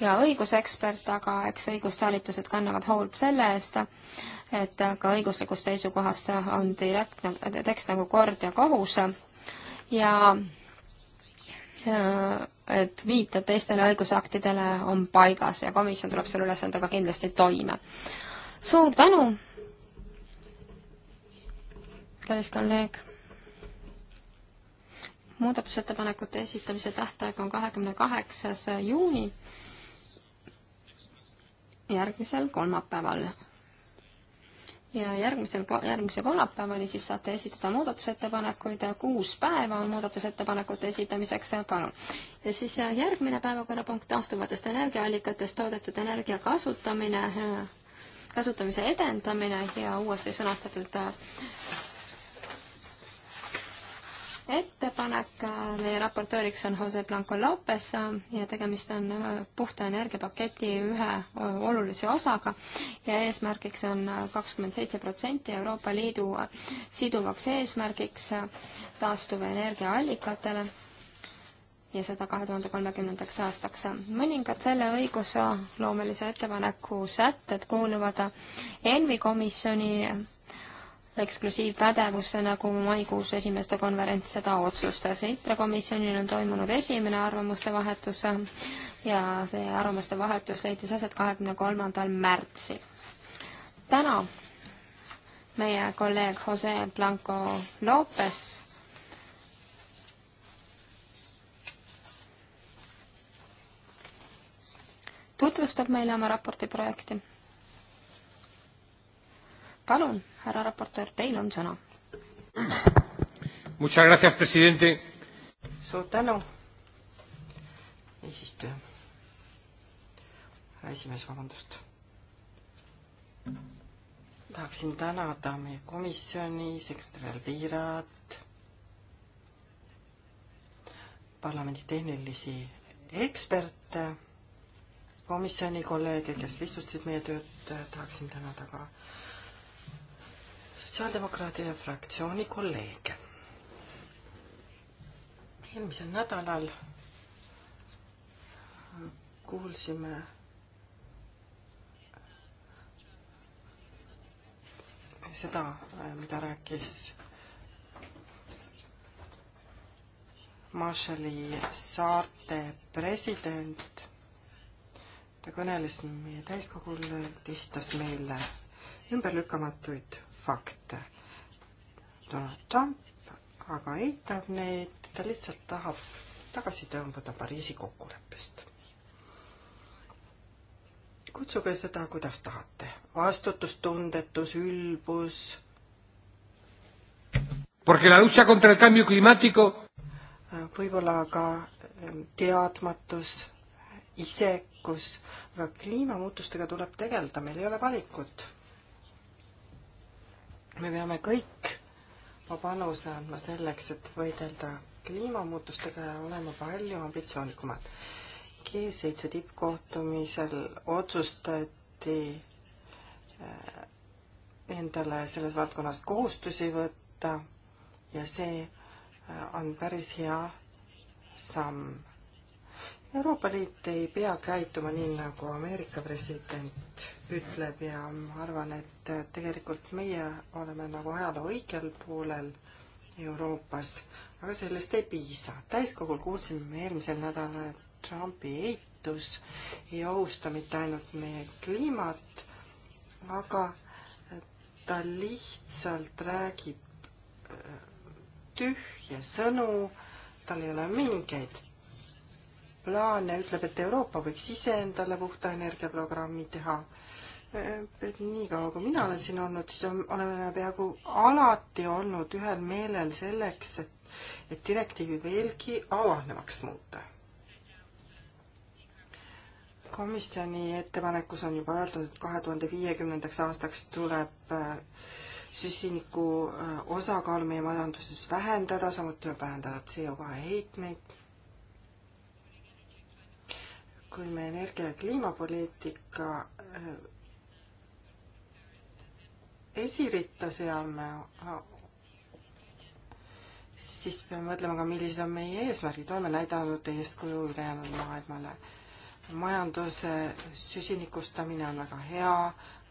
ja õigusekspert, aga eks õigustalitused kannavad hoolt selle eest, et ka õiguslikust seisukohast on direktne tekst nagu kord ja kohus ja, ja äh, et viited teistele õigusaktidele on paigas ja komisjon tuleb selle ülesandega kindlasti toime. suur tänu, kallis kolleeg. muudatusettepanekute esitamise tähtaeg on kahekümne kaheksas juuni järgmisel kolmapäeval ja järgmisel, järgmise kolmapäevani siis saate esitada muudatusettepanekuid, kuus päeva on muudatusettepanekute esitamiseks, palun. ja siis järgmine päevakorrapunkt, taastuvatest energiaallikatest toodetud energia kasutamine, kasutamise edendamine ja uuesti sõnastatud ettepanek, äh, meie raportööriks on Jose Blanco Lopez äh, ja tegemist on äh, puhta energiapaketi ühe olulise osaga ja eesmärgiks on kakskümmend seitse protsenti Euroopa Liidu siduvaks eesmärgiks taastuva energiaallikatele ja seda kahe tuhande kolmekümnendaks aastaks. mõningad selle õigusloomelise ettepaneku sätted kuuluvad ENVI komisjoni eksklusiivpädevusse, nagu maikuus esimeste konverents seda otsustas. ITRA komisjonil on toimunud esimene arvamuste vahetus ja see arvamuste vahetus leidis aset kahekümne kolmandal märtsil. täna meie kolleeg Jose Blanco Lopez tutvustab meile oma raporti projekti palun, härra raportöör, teil on sõna. suur tänu, eesistuja, härra esimees, vabandust. tahaksin tänada meie komisjoni sekretär Elvirat, parlamendi tehnilisi eksperte komisjoni kolleege, kes lihtsustasid meie tööd, tahaksin tänada ka sotsiaaldemokraatide fraktsiooni kolleege. eelmisel nädalal kuulsime seda, mida rääkis Marshalli saarte president. ta kõneles meie täiskogul, esitas meile ümberlükkamatuid fakte. Donald Trump aga eitab neid, ta lihtsalt tahab tagasi tõmbuda Pariisi kokkuleppest. kutsuge seda, kuidas tahate, vastutustundetus, ülbus. Porque la lucha contra el cambio climático võib-olla ka teadmatus, isekus, aga kliimamuutustega tuleb tegeleda, meil ei ole valikut me peame kõik oma panuse andma selleks, et võidelda kliimamuutustega ja olema palju ambitsioonikumad. G7 tippkohtumisel otsustati äh, endale selles valdkonnas kohustusi võtta ja see äh, on päris hea samm Euroopa Liit ei pea käituma nii, nagu Ameerika president ütleb ja ma arvan, et tegelikult meie oleme nagu ajaloo õigel poolel Euroopas, aga sellest ei piisa. täiskogul kuulsime me eelmisel nädalal, et Trumpi eitus ei ohusta mitte ainult meie kliimat, aga ta lihtsalt räägib äh, tühje sõnu, tal ei ole mingeid plaan ja ütleb, et Euroopa võiks ise endale puhta energia programmi teha. et niikaua, kui mina olen siin olnud, siis on, oleme me peaaegu alati olnud ühel meelel selleks, et, et direktiivi veelgi avanevaks muuta. komisjoni ettepanekus on juba öeldud, et kahe tuhande viiekümnendaks aastaks tuleb äh, süsiniku äh, osakaalu meie majanduses vähendada, samuti tuleb vähendada CO2 heitmeid kui me energia- ja kliimapoliitika äh, esiritta seame, siis peame mõtlema ka, millised on meie eesmärgid, oleme näidanud eeskuju ülejäänud maailmale. majanduse süsinikustamine on väga hea,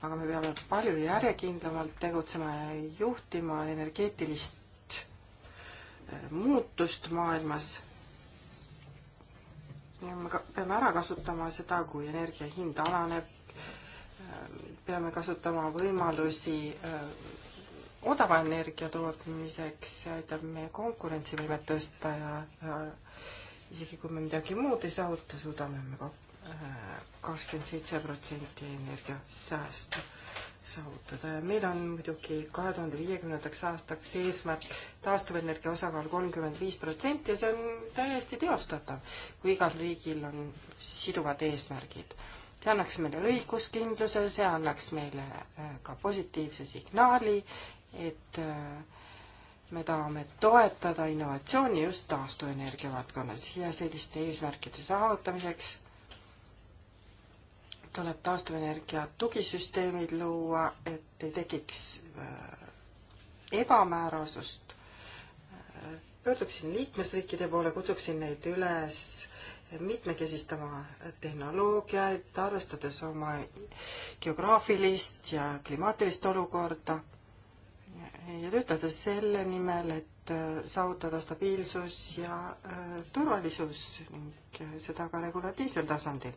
aga me peame palju järjekindlamalt tegutsema ja juhtima energeetilist äh, muutust maailmas ja me peame ära kasutama seda, kui energia hind alaneb, peame kasutama võimalusi äh, odava energia tootmiseks, see aitab meie konkurentsivõimet tõsta ja, ja isegi kui me midagi muud ei saavuta, suudame me äh, kakskümmend seitse protsenti energia säästa saavutada ja meil on muidugi kahe tuhande viiekümnendaks aastaks eesmärk taastuvenergia osakaal kolmkümmend viis protsenti ja see on täiesti teostatav, kui igal riigil on siduvad eesmärgid. see annaks meile õiguskindluse, see annaks meile äh, ka positiivse signaali, et äh, me tahame toetada innovatsiooni just taastuvenergia valdkonnas ja selliste eesmärkide saavutamiseks tuleb taastuvenergia tugisüsteemid luua, et ei tekiks äh, ebamäärasust. Äh, pöörduksin liikmesriikide poole, kutsuksin neid üles mitmekesistama tehnoloogiaid, arvestades oma geograafilist ja klimaatilist olukorda ja töötada selle nimel, et äh, saavutada stabiilsus ja turvalisus ning seda ka regulatiivsel tasandil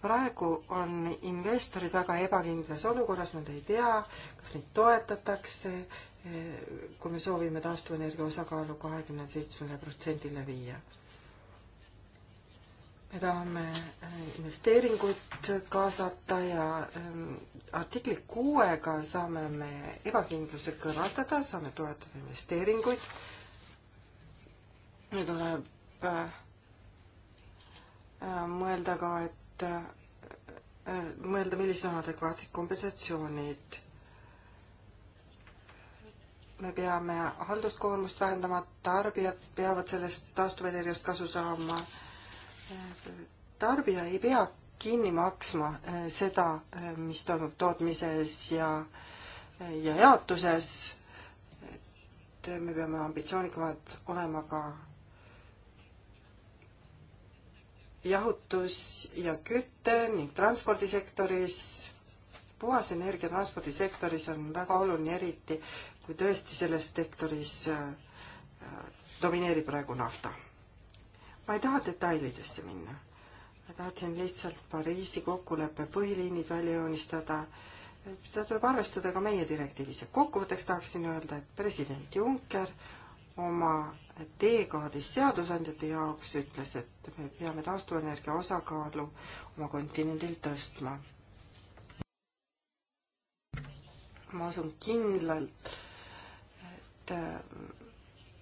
praegu on investorid väga ebakindlas olukorras, nad ei tea, kas neid toetatakse, kui me soovime taastuvenergia osakaalu kahekümne seitsmele protsendile viia. me tahame äh, investeeringut kaasata ja ähm, artikli kuuega saame me ebakindluse kõrvaldada, saame toetada investeeringuid. nüüd tuleb äh, äh, mõelda ka, et et äh, mõelda, millised on adekvaatsed kompensatsioonid. me peame halduskoormust vähendama, tarbijad peavad sellest taastuvenergiast kasu saama. tarbija ei pea kinni maksma äh, seda, äh, mis toimub tootmises ja, ja jaotuses. et me peame ambitsioonikamad olema ka jahutus ja küte ning transpordisektoris, puhas energia transpordisektoris on väga oluline, eriti kui tõesti selles sektoris äh, domineerib praegu nafta. ma ei taha detailidesse minna. ma tahtsin lihtsalt Pariisi kokkuleppe põhiliinid välja joonistada. seda tuleb arvestada ka meie direktiivis ja kokkuvõtteks tahaksin öelda, et president Juncker oma teekaardis seadusandjate jaoks ütles, et me peame taastuvenergia osakaalu oma kontinendil tõstma. ma usun kindlalt, et äh,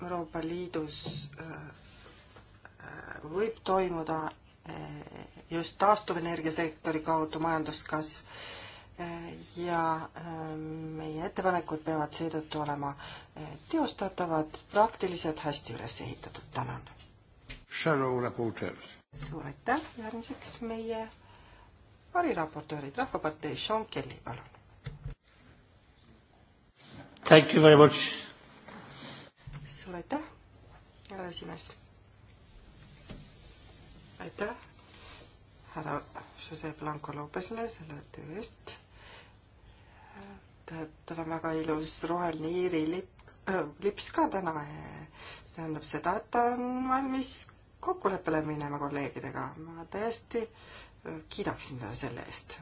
Euroopa Liidus äh, äh, võib toimuda just taastuvenergia sektori kaudu majanduskasv ja ähm, meie ettepanekud peavad seetõttu olema äh, teostatavad, praktilised, hästi üles ehitatud. tänan. suur aitäh, järgmiseks meie variraportöörid, Rahvapartei Sean Kelly, palun. Thank you very much. suur aitäh, härra esimees. aitäh härra Jose Blanco Lopesele selle töö eest tal on väga ilus roheline iiri lipp äh,, lips ka täna. see tähendab seda, et ta on valmis kokkuleppele minema kolleegidega. ma täiesti äh, kiidaksin teda selle eest.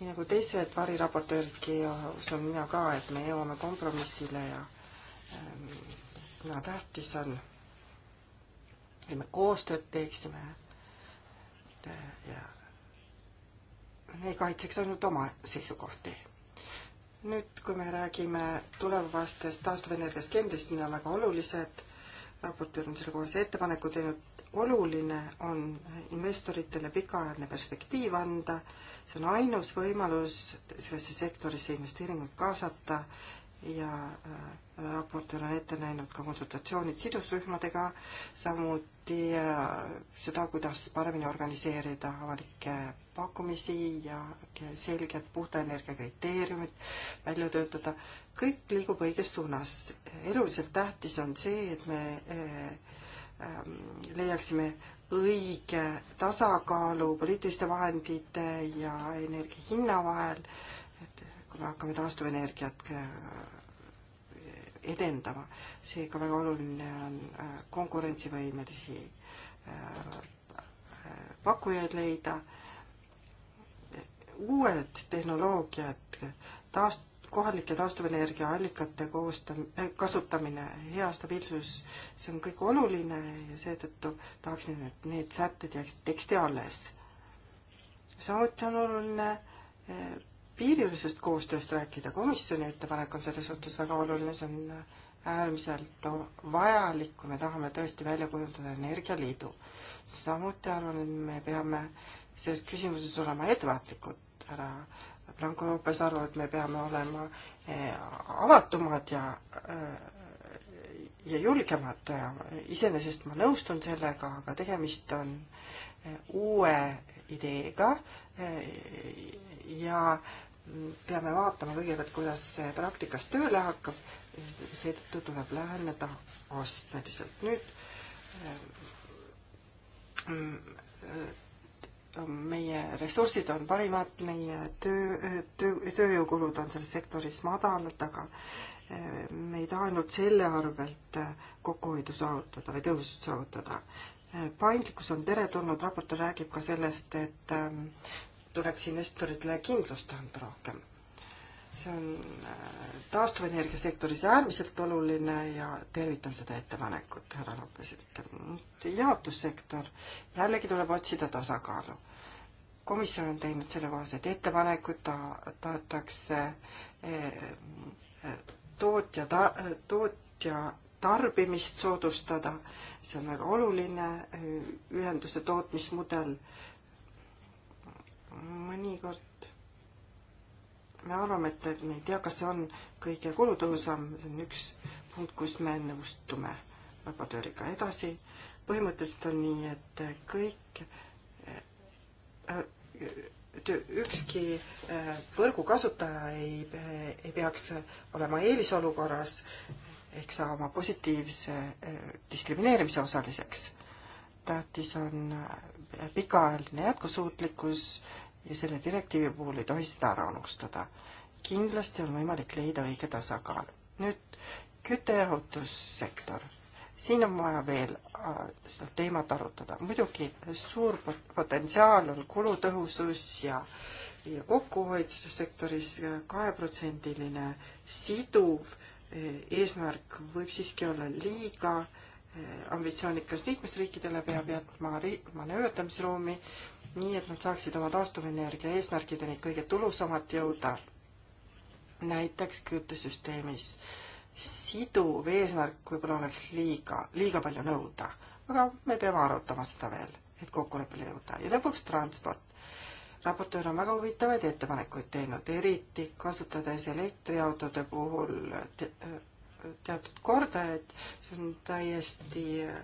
nii nagu teised variraportööridki, usun mina ka, et me jõuame kompromissile ja ähm, no tähtis on, et me koostööd teeksime äh, ja me ei kaitseks ainult oma seisukohti nüüd, kui me räägime tulevastest taastuvenergiaskeemidest, need on väga olulised, raportöör on sellekohase ettepaneku teinud, oluline on investoritele pikaajaline perspektiiv anda, see on ainus võimalus sellesse sektorisse investeeringuid kaasata ja äh, raportöör on ette näinud ka konsultatsioonid sidusrühmadega, samuti äh, seda, kuidas paremini organiseerida avalikke pakkumisi ja selged puhta energia kriteeriumid välja töötada. kõik liigub õiges suunas. eluliselt tähtis on see, et me eh, ähm, leiaksime õige tasakaalu poliitiliste vahendite ja energia hinna vahel. et kui me hakkame taastuvenergiat eh, edendama, seega väga oluline on eh, konkurentsivõimelisi pakkujaid leida uued tehnoloogiad, taast-, kohalike taastuvenergia allikate koostam-, eh, kasutamine, hea stabiilsus, see on kõik oluline ja seetõttu tahaksin, et need sätted jääksid teksti alles. samuti on oluline eh, piirilisest koostööst rääkida, komisjoni ettepanek on selles suhtes väga oluline, see on äärmiselt vajalik, kui me tahame tõesti välja kujundada energialiidu. samuti arvan, et me peame selles küsimuses olema ettevaatlikud härra Blanco Lopez aru, et me peame olema eh, avatumad ja eh, ja julgemad, iseenesest ma nõustun sellega, aga tegemist on eh, uue ideega ja peame vaatama kõigepealt, kuidas see praktikas tööle hakkab, seetõttu tuleb läheneda astmeliselt. nüüd mm, meie ressursid on parimad, meie töö, töö, tööjõukulud on selles sektoris madalad, aga eh, me ei taha ainult selle arvelt eh, kokkuhoidu saavutada või tõhusust saavutada. Eh, paindlikkus on teretulnud, raport räägib ka sellest, et tuleks investoritele kindlust anda rohkem see on äh, taastuvenergia sektoris äärmiselt oluline ja tervitan seda ettepanekut härra Lopesilt. jaotussektor, jällegi tuleb otsida tasakaalu. komisjon on teinud sellekohased ettepanekud, ta tahetakse äh, äh, tootja ta,, tootja tarbimist soodustada, see on väga oluline ühenduse tootmismudel. mõnikord me arvame, et, et me ei tea, kas see on kõige kulutõhusam, see on üks punkt, kus me nõustume raportööriga edasi. põhimõtteliselt on nii, et kõik äh, ükski äh, võrgu kasutaja ei, ei peaks olema eelisolukorras ehk saama positiivse äh, diskrimineerimise osaliseks. tähtis on pikaajaline jätkusuutlikkus, ja selle direktiivi puhul ei tohi seda ära unustada. kindlasti on võimalik leida õige tasakaal. nüüd küte- ja ohutussektor. siin on vaja veel äh, seda teemat arutada. muidugi suur potentsiaal on kulutõhusus ja ja kokkuhoid sektoris äh, kaheprotsendiline siduv äh, eesmärk võib siiski olla liiga ambitsioonikas liikmesriikidele peab jätma manööverdamisruumi nii et nad saaksid oma taastuvenergia eesmärkideni kõige tulusamalt jõuda. näiteks küttesüsteemis siduv eesmärk võib-olla oleks liiga, liiga palju nõuda, aga me peame arutama seda veel, et kokkuleppele jõuda. ja lõpuks transport. raportöör on väga huvitavaid ettepanekuid teinud, eriti kasutades elektriautode puhul te teatud kordajaid, see on täiesti äh,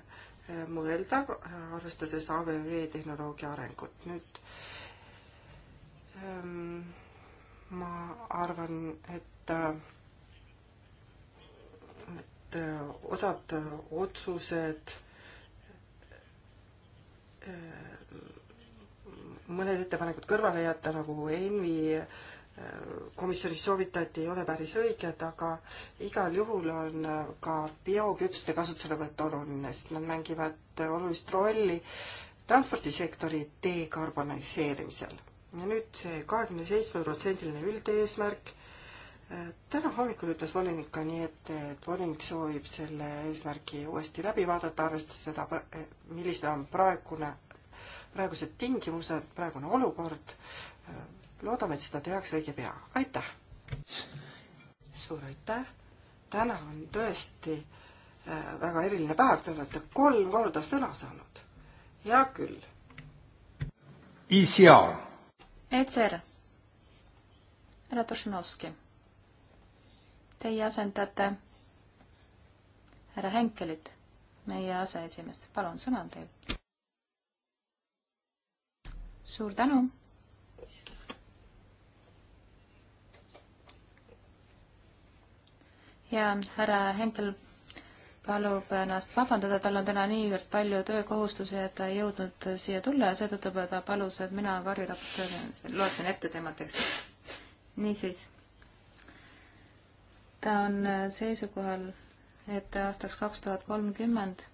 mõeldav, arvestades AVV tehnoloogia arengut. nüüd ähm, ma arvan, et et äh, osad otsused äh, mõned ettepanekud kõrvale jätta, nagu ENVi komisjonis soovitati, ei ole päris õiged, aga igal juhul on ka biokütuste kasutuselevõtt oluline, sest nad mängivad olulist rolli transpordisektori dekarboniseerimisel. ja nüüd see kahekümne seitsme protsendiline üldeesmärk. täna hommikul ütles volinik ka nii, et, et volinik soovib selle eesmärgi uuesti läbi vaadata, arvestades seda, millised on praegune, praegused tingimused, praegune olukord loodame, et seda tehakse õige pea. aitäh! suur aitäh! täna on tõesti äh, väga eriline päev, te olete kolm korda sõna saanud. hea küll. ECR. ECR. härra Tošinovski. Teie asendate härra Henkelit, meie aseesimeest. palun, sõna on teil. suur tänu ja härra Henkel palub ennast vabandada, tal on täna niivõrd palju töökohustusi, et ta ei jõudnud siia tulla ja seetõttu ta palus, et mina varjuraportöörina loeksin ette tema teksti. niisiis, ta on seisukohal, et aastaks kaks tuhat kolmkümmend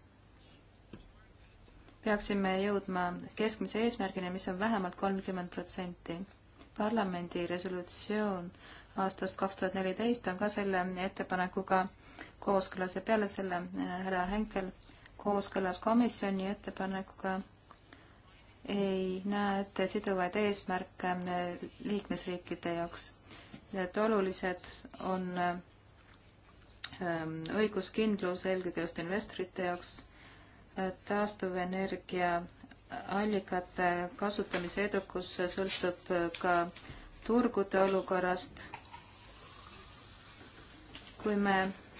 peaksime jõudma keskmise eesmärgini, mis on vähemalt kolmkümmend protsenti. parlamendi resolutsioon aastast kaks tuhat neliteist on ka selle ettepanekuga kooskõlas ja peale selle äh, härra Henkel kooskõlas komisjoni ettepanekuga ei näe ette siduvaid eesmärke äh, liikmesriikide jaoks. et olulised on ähm, õiguskindlus eelkõige just investorite jaoks, äh, taastuvenergia allikate kasutamise edukus sõltub ka turgude olukorrast kui me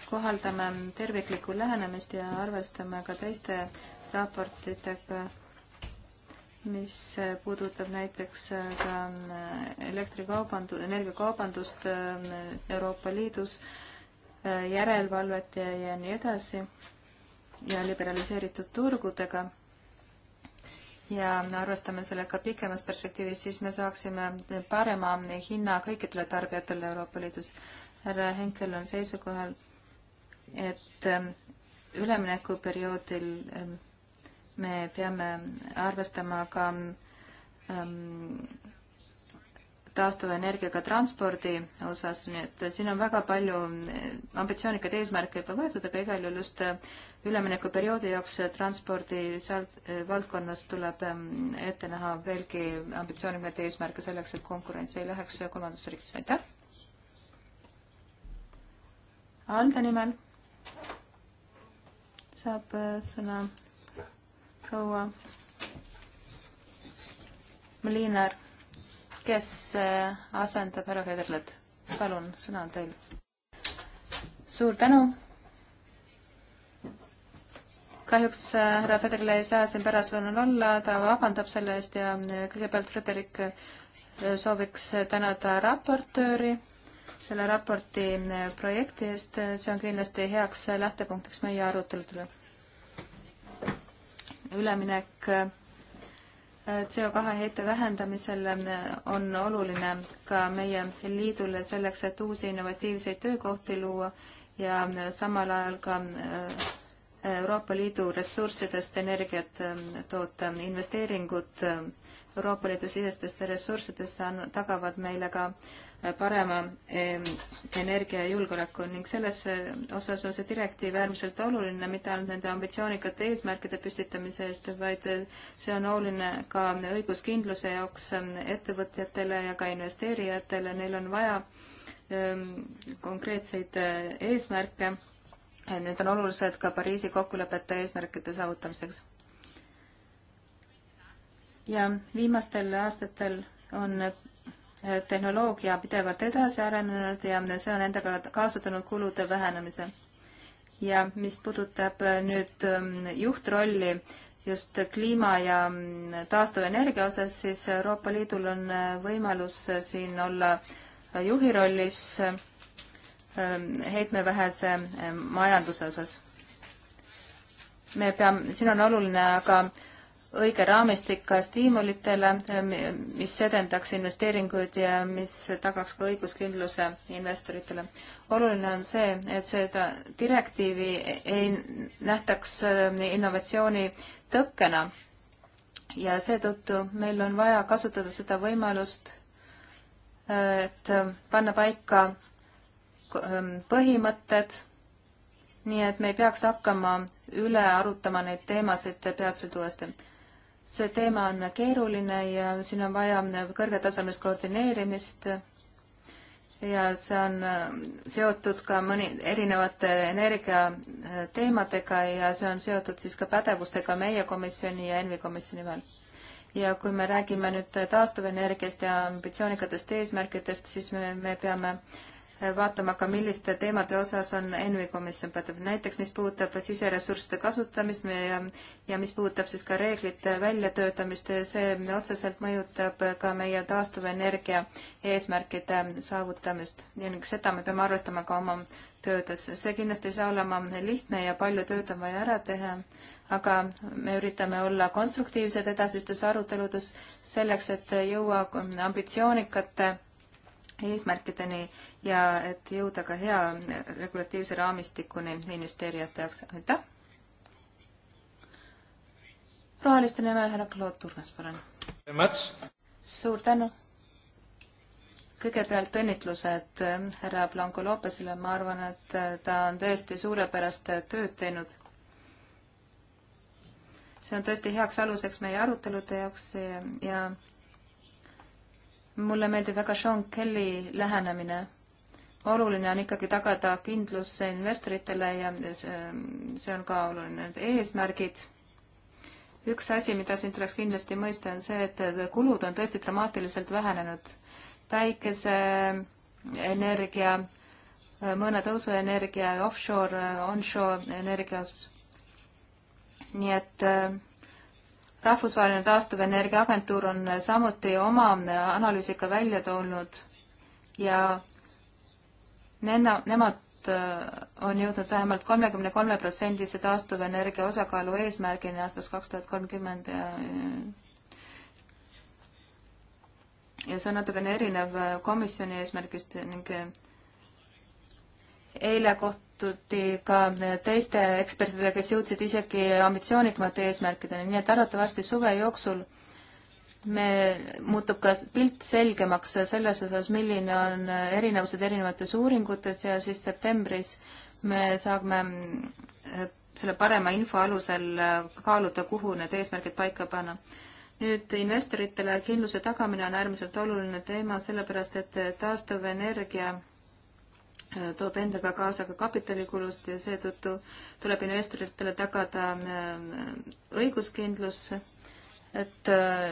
kohaldame terviklikku lähenemist ja arvestame ka teiste raportitega, mis puudutab näiteks ka elektrikaubandust, energiakaubandust ähm, Euroopa Liidus, äh, järelevalvet ja, ja nii edasi ja liberaliseeritud turgudega ja arvestame sellega pikemas perspektiivis, siis me saaksime parema hinna kõikidele tarbijatele Euroopa Liidus härra Henkel on seisukohal, et ähm, üleminekuperioodil ähm, me peame arvestama ka ähm, taastuva energiaga transpordi osas, nii et siin on väga palju äh, ambitsioonikaid eesmärke juba võetud, aga igal juhul just äh, üleminekuperioodi jaoks äh, transpordi sealt valdkonnas tuleb ette näha veelgi ambitsioonikaid eesmärke selleks, et konkurents ei läheks kolmandasse riikidesse, aitäh! Alde nimel saab äh, sõna proua Mlinar, kes äh, asendab härra Federlet. palun, sõna on teil. suur tänu. kahjuks äh, härra Federle ei saa siin pärastlõunal olla, ta vabandab selle eest ja kõigepealt Frederik sooviks tänada raportööri selle raporti äh, projekti eest, see on kindlasti heaks lähtepunktiks meie aruteludele. üleminek äh, CO2 heite vähendamisel äh, on oluline ka meie liidule selleks, et uusi innovatiivseid töökohti luua ja samal ajal ka Euroopa Liidu ressurssidest energiat ähm, toota. investeeringud Euroopa Liidu sisestesse ressurssidesse tagavad meile ka äh, parema energiajulgeoleku ning selles eh, osas on see direktiiv äärmiselt oluline, mitte ainult nende ambitsioonikate eesmärkide püstitamise eest, vaid eh, see on oluline ka õiguskindluse jaoks ettevõtjatele ja ka investeerijatele, neil on vaja konkreetseid eh, eesmärke. Need on olulised ka Pariisi kokkulepete eesmärkide saavutamiseks. ja viimastel aastatel on tehnoloogia pidevalt edasi arenenud ja see on endaga kaasa toonud kulude vähenemise. ja mis puudutab nüüd ähm, juhtrolli just kliima ja mm, taastuvenergia osas, siis Euroopa Liidul on äh, võimalus siin olla äh, juhi rollis ähm, heitmevähese äh, majanduse osas. me peame, siin on oluline aga õige raamistik ka stiimulitele, mis edendaks investeeringuid ja mis tagaks ka õiguskindluse investoritele. oluline on see, et seda direktiivi ei nähtaks innovatsiooni tõkkena ja seetõttu meil on vaja kasutada seda võimalust, et panna paika põhimõtted, nii et me ei peaks hakkama üle arutama neid teemasid peatselt uuesti see teema on keeruline ja siin on vaja kõrgetasemelist koordineerimist ja see on äh, seotud ka mõni, erinevate energiateemadega äh, ja see on seotud siis ka pädevustega meie komisjoni ja ENVI komisjoni vahel. ja kui me räägime nüüd taastuvenergiast ja ambitsioonikatest eesmärkidest, siis me, me peame äh, vaatama ka, milliste teemade osas on ENVI komisjon pädev. näiteks, mis puudutab siseressursside kasutamist ja, ja mis puudutab siis ka reeglite väljatöötamist, see otseselt mõjutab ka meie taastuvenergia eesmärkide saavutamist ja seda me peame arvestama ka oma töödes. see kindlasti ei saa olema lihtne ja palju tööd on vaja ära teha, aga me üritame olla konstruktiivsed edasistes aruteludes selleks, et jõua ambitsioonikate eesmärkideni ja et jõuda ka hea regulatiivse raamistikuni investeerijate jaoks. aitäh! roheliste nimel härra Claude Turmes, palun. suur tänu! kõigepealt õnnitlused eh, härra Blanco Lopesile, ma arvan, et eh, ta on tõesti suurepärast tööd teinud. see on tõesti heaks aluseks meie arutelude jaoks ja, ja mulle meeldib väga Sean Kelly lähenemine. oluline on ikkagi tagada kindlus investoritele ja see on ka oluline, need eesmärgid. üks asi, mida siin tuleks kindlasti mõista, on see, et kulud on tõesti dramaatiliselt vähenenud. päikeseenergia, mõõna tõusuenergia, offshore, onshore energias. nii et äh, rahvusvaheline taastuvenergia agentuur on samuti oma analüüsiga välja toonud ja nenna, nemad äh, on jõudnud vähemalt kolmekümne kolme protsendise taastuvenergia osakaalu eesmärgini aastast kaks tuhat kolmkümmend ja ja see on natukene erinev äh, komisjoni eesmärgist ning äh, eile koht-, kohtuti ka teiste ekspertidega, kes jõudsid isegi ambitsioonikamate eesmärkideni, nii et arvatavasti suve jooksul me, muutub ka pilt selgemaks selles osas, milline on erinevused erinevates uuringutes ja siis septembris me saame äh, selle parema info alusel kaaluda, kuhu need eesmärgid paika panna nüüd investoritele kindluse tagamine on äärmiselt oluline teema, sellepärast et taastuvenergia toob endaga kaasa ka kapitalikulust ja seetõttu tuleb investoritele tagada äh, õiguskindlus, et, äh,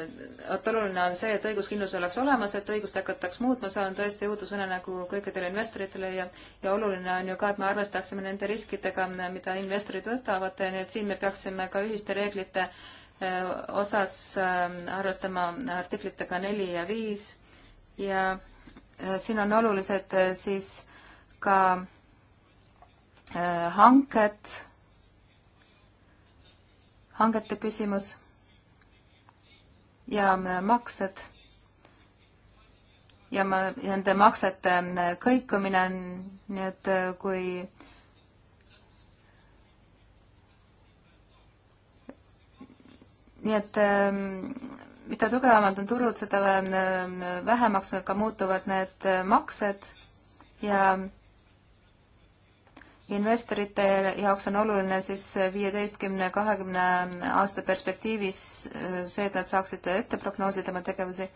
et oluline on see, et õiguskindlus oleks olemas, et õigust hakataks muutma, see on tõesti õudusunenägu kõikidele investoritele ja ja oluline on ju ka, et me arvestaksime nende riskidega, mida investorid võtavad, nii et siin me peaksime ka ühiste reeglite äh, osas arvestama artiklitega neli ja viis ja siin on olulised siis äh, ka äh, hanked, hangete küsimus ja äh, maksed ja ma, nende maksete äh, kõikumine on, nii et kui nii et ähm, mida tugevamad on turud, seda ähm, vähemaks ka muutuvad need maksed ja investorite jaoks on oluline siis viieteistkümne, kahekümne aasta perspektiivis äh, see, et nad saaksid ette prognoosida oma tegevusi.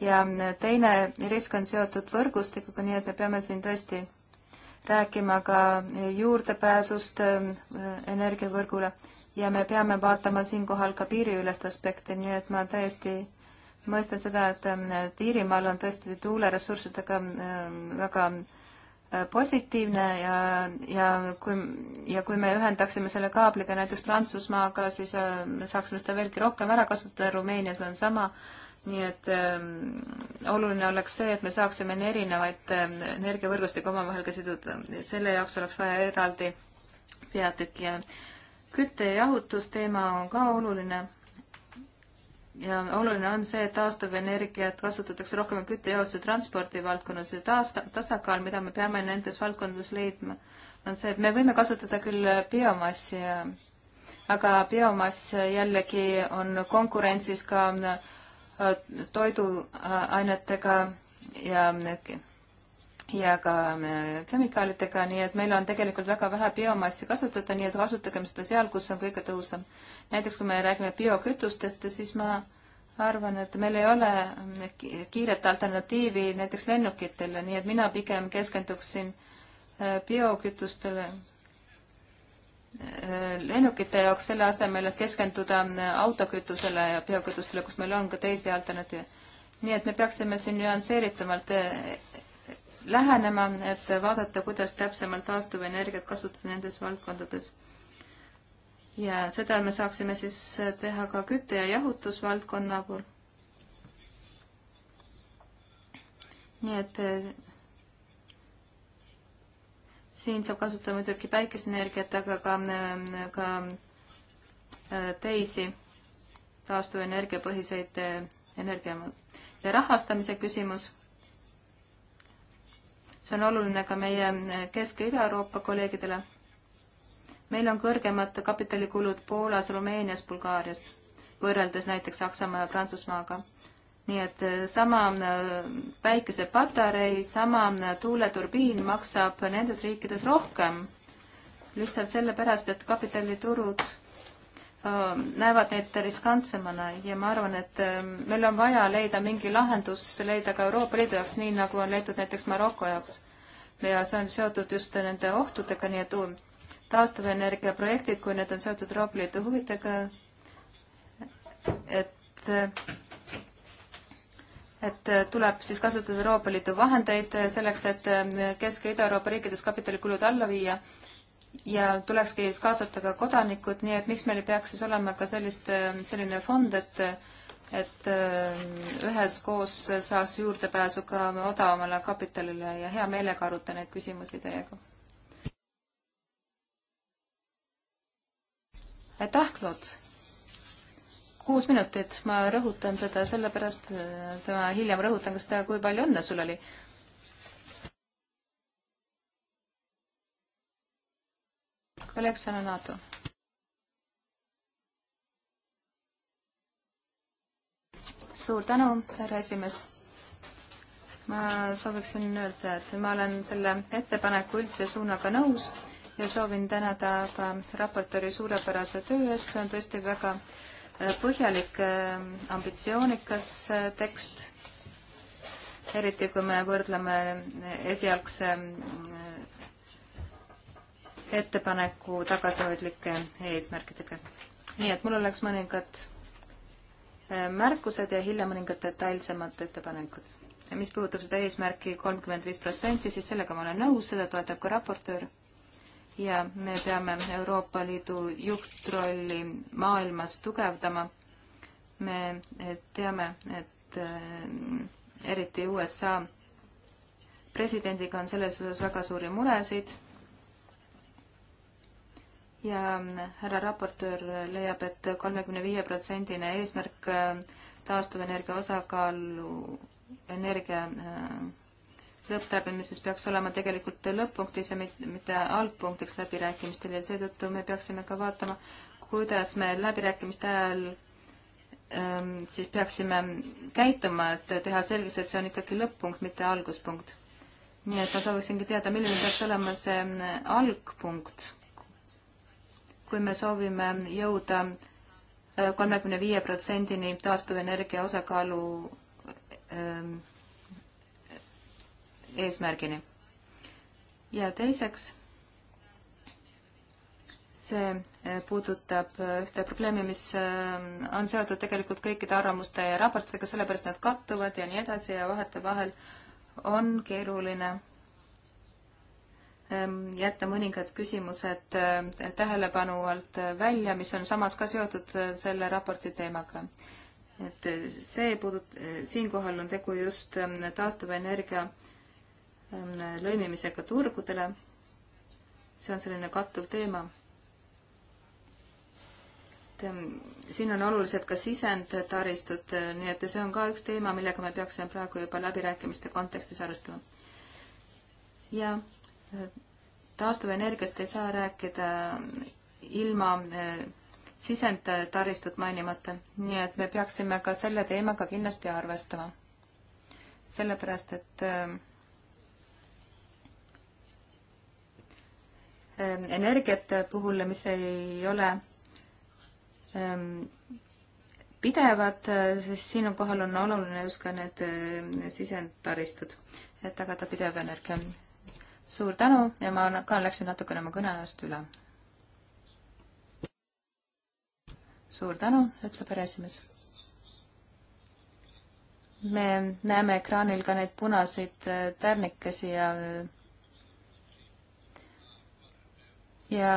ja teine risk on seotud võrgustikuga, nii et me peame siin tõesti rääkima ka juurdepääsust äh, energiavõrgule ja me peame vaatama siinkohal ka piiriülest aspekti, nii et ma täiesti mõistan seda, et äh, Iirimaal on tõesti tuuleressurssidega väga, väga positiivne ja, ja kui, ja kui me ühendaksime selle kaabliga näiteks Prantsusmaaga, siis äh, me saaksime seda veelgi rohkem ära kasutada, Rumeenias on sama, nii et ähm, oluline oleks see, et me saaksime erinevaid ähm, energiavõrgustikke omavahel ka siduda, et selle jaoks oleks vaja eraldi peatükki ja kütte- ja jahutusteema on ka oluline ja oluline on see, et taastuvenergiat kasutatakse rohkem küttejaotuse transpordi valdkonnas ja taas-, tasakaal, mida me peame nendes valdkondades leidma, on see, et me võime kasutada küll biomassi, aga biomass jällegi on konkurentsis ka äh, toiduainetega ja ja ka äh, kemikaalidega, nii et meil on tegelikult väga vähe biomassi kasutada, nii et kasutagem seda seal, kus on kõige tõhusam. näiteks kui me räägime biokütustest, siis ma arvan, et meil ei ole äh, kiiret alternatiivi näiteks lennukitele, nii et mina pigem keskenduksin äh, biokütustele lennukite jaoks selle asemel, et keskenduda autokütusele ja biokütustele, kus meil on ka teisi alternatiive. nii et me peaksime siin nüansseeritumalt lähenema, et vaadata, kuidas täpsemalt taastuvenergiat kasutada nendes valdkondades. ja seda me saaksime siis teha ka kütte- ja jahutusvaldkonna puhul. nii et eh, siin saab kasutada muidugi päikeseenergiat, aga ka, eh, ka eh, teisi taastuvenergiapõhiseid energiamu- ja rahastamise küsimus see on oluline ka meie Kesk- ja Ida-Euroopa kolleegidele. meil on kõrgemad kapitalikulud Poolas, Rumeenias, Bulgaarias võrreldes näiteks Saksamaa ja Prantsusmaaga. nii et eh, sama eh, päikesepatarei, sama eh, tuuleturbiin maksab nendes riikides rohkem lihtsalt sellepärast, et kapitaliturud Ähm, näevad neid riskantsemana ja ma arvan, et ähm, meil on vaja leida mingi lahendus, leida ka Euroopa Liidu jaoks, nii nagu on leitud näiteks Maroko jaoks. ja see on seotud just nende ohtudega, nii et taastuvenergia projektid, kui need on seotud Euroopa Liidu huvidega, et et tuleb siis kasutada Euroopa Liidu vahendeid selleks, et ähm, Kesk- ja Ida-Euroopa riikides kapitalikulud alla viia ja tulekski siis kaasata ka kodanikud, nii et miks meil ei peaks siis olema ka sellist, selline fond, et et ähm, üheskoos saaks juurdepääsu ka odavamale kapitalile ja hea meelega arutan neid küsimusi teiega. aitäh, Claude! kuus minutit, ma rõhutan seda sellepärast, et äh, ma hiljem rõhutan ka seda, kui palju õnne sul oli ülesanne NATO. suur tänu, härra esimees. ma sooviksin öelda, et ma olen selle ettepaneku üldse suunaga nõus ja soovin tänada ka raportööri suurepärase töö eest, see on tõesti väga äh, põhjalik, äh, ambitsioonikas äh, tekst, eriti kui me võrdleme esialgse ettepaneku tagasihoidlike eesmärkidega. nii et mul oleks mõningad äh, märkused ja hiljem mõningad detailsemad ettepanekud. mis puudutab seda eesmärki kolmkümmend viis protsenti, siis sellega ma olen nõus, seda toetab ka raportöör. ja me peame Euroopa Liidu juhtrolli maailmas tugevdama. me äh, teame, et äh, eriti USA presidendiga on selles osas väga suuri muresid ja härra raportöör leiab et, et kolmekümne viie protsendine eesmärk äh, taastuvenergia osakaalu energia äh, lõpptarbimises peaks olema tegelikult lõpp-punktis ja mitte algpunktiks läbirääkimistel ja seetõttu me peaksime ka vaatama, kuidas me läbirääkimiste ajal ähm, siis peaksime käituma, et teha selgeks, et see on ikkagi lõpp-punkt, mitte alguspunkt. nii et ma sooviksingi teada, milline peaks olema see äh, algpunkt kui me soovime jõuda äh, kolmekümne viie protsendini taastuvenergia osakaalu ähm, eesmärgini. ja teiseks, see äh, puudutab äh, ühte probleemi, mis ähm, on seotud tegelikult kõikide arvamuste ja raportitega, sellepärast nad kattuvad ja nii edasi ja vahetevahel on keeruline Ähm, jätta mõningad küsimused äh, tähelepanu alt äh, välja, mis on samas ka seotud äh, selle raporti teemaga. et see puudut-, siinkohal on tegu just ähm, taastuvenergia ähm, lõimimisega turgudele. see on selline kattuv teema. et siin on olulised ka sisendtaristud, nii et see on ka üks teema, millega me peaksime praegu juba läbirääkimiste kontekstis arvestama. ja taastuvenergiast ei saa rääkida ilma eh, sisendtaristut mainimata, nii et me peaksime ka selle teemaga kindlasti arvestama. sellepärast, et eh, energiate puhul, mis ei ole ehm, pidevad, siis siinkohal on oluline just ka need eh, sisendtaristud, et tagada pidev energia suur tänu ja ma ka läksin natukene oma kõneajast üle. suur tänu, ütleb pereesimees. me näeme ekraanil ka neid punaseid äh, tärnikesi ja ja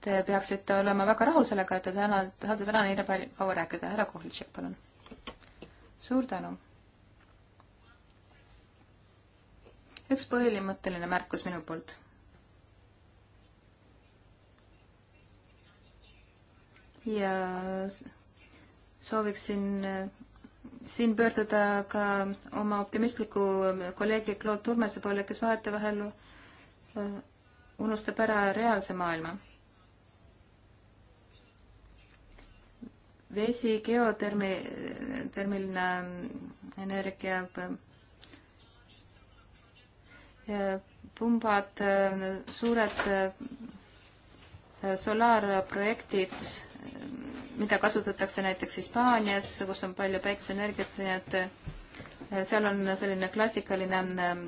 te peaksite olema väga rahul sellega, et te täna, tahate täna nii palju kaua rääkida. härra Kohlitšek, palun. suur tänu üks põhimõtteline märkus minu poolt. ja sooviksin eh, siin pöörduda ka oma optimistliku kolleegi Claude Turmese poole, kes vahetevahel eh, unustab ära reaalse maailma vesi, geotermi-, termiline eh, energia pumbad, suured solaarprojektid, mida kasutatakse näiteks Hispaanias, kus on palju päikeseenergiat, nii et eh, seal on selline klassikaline mm,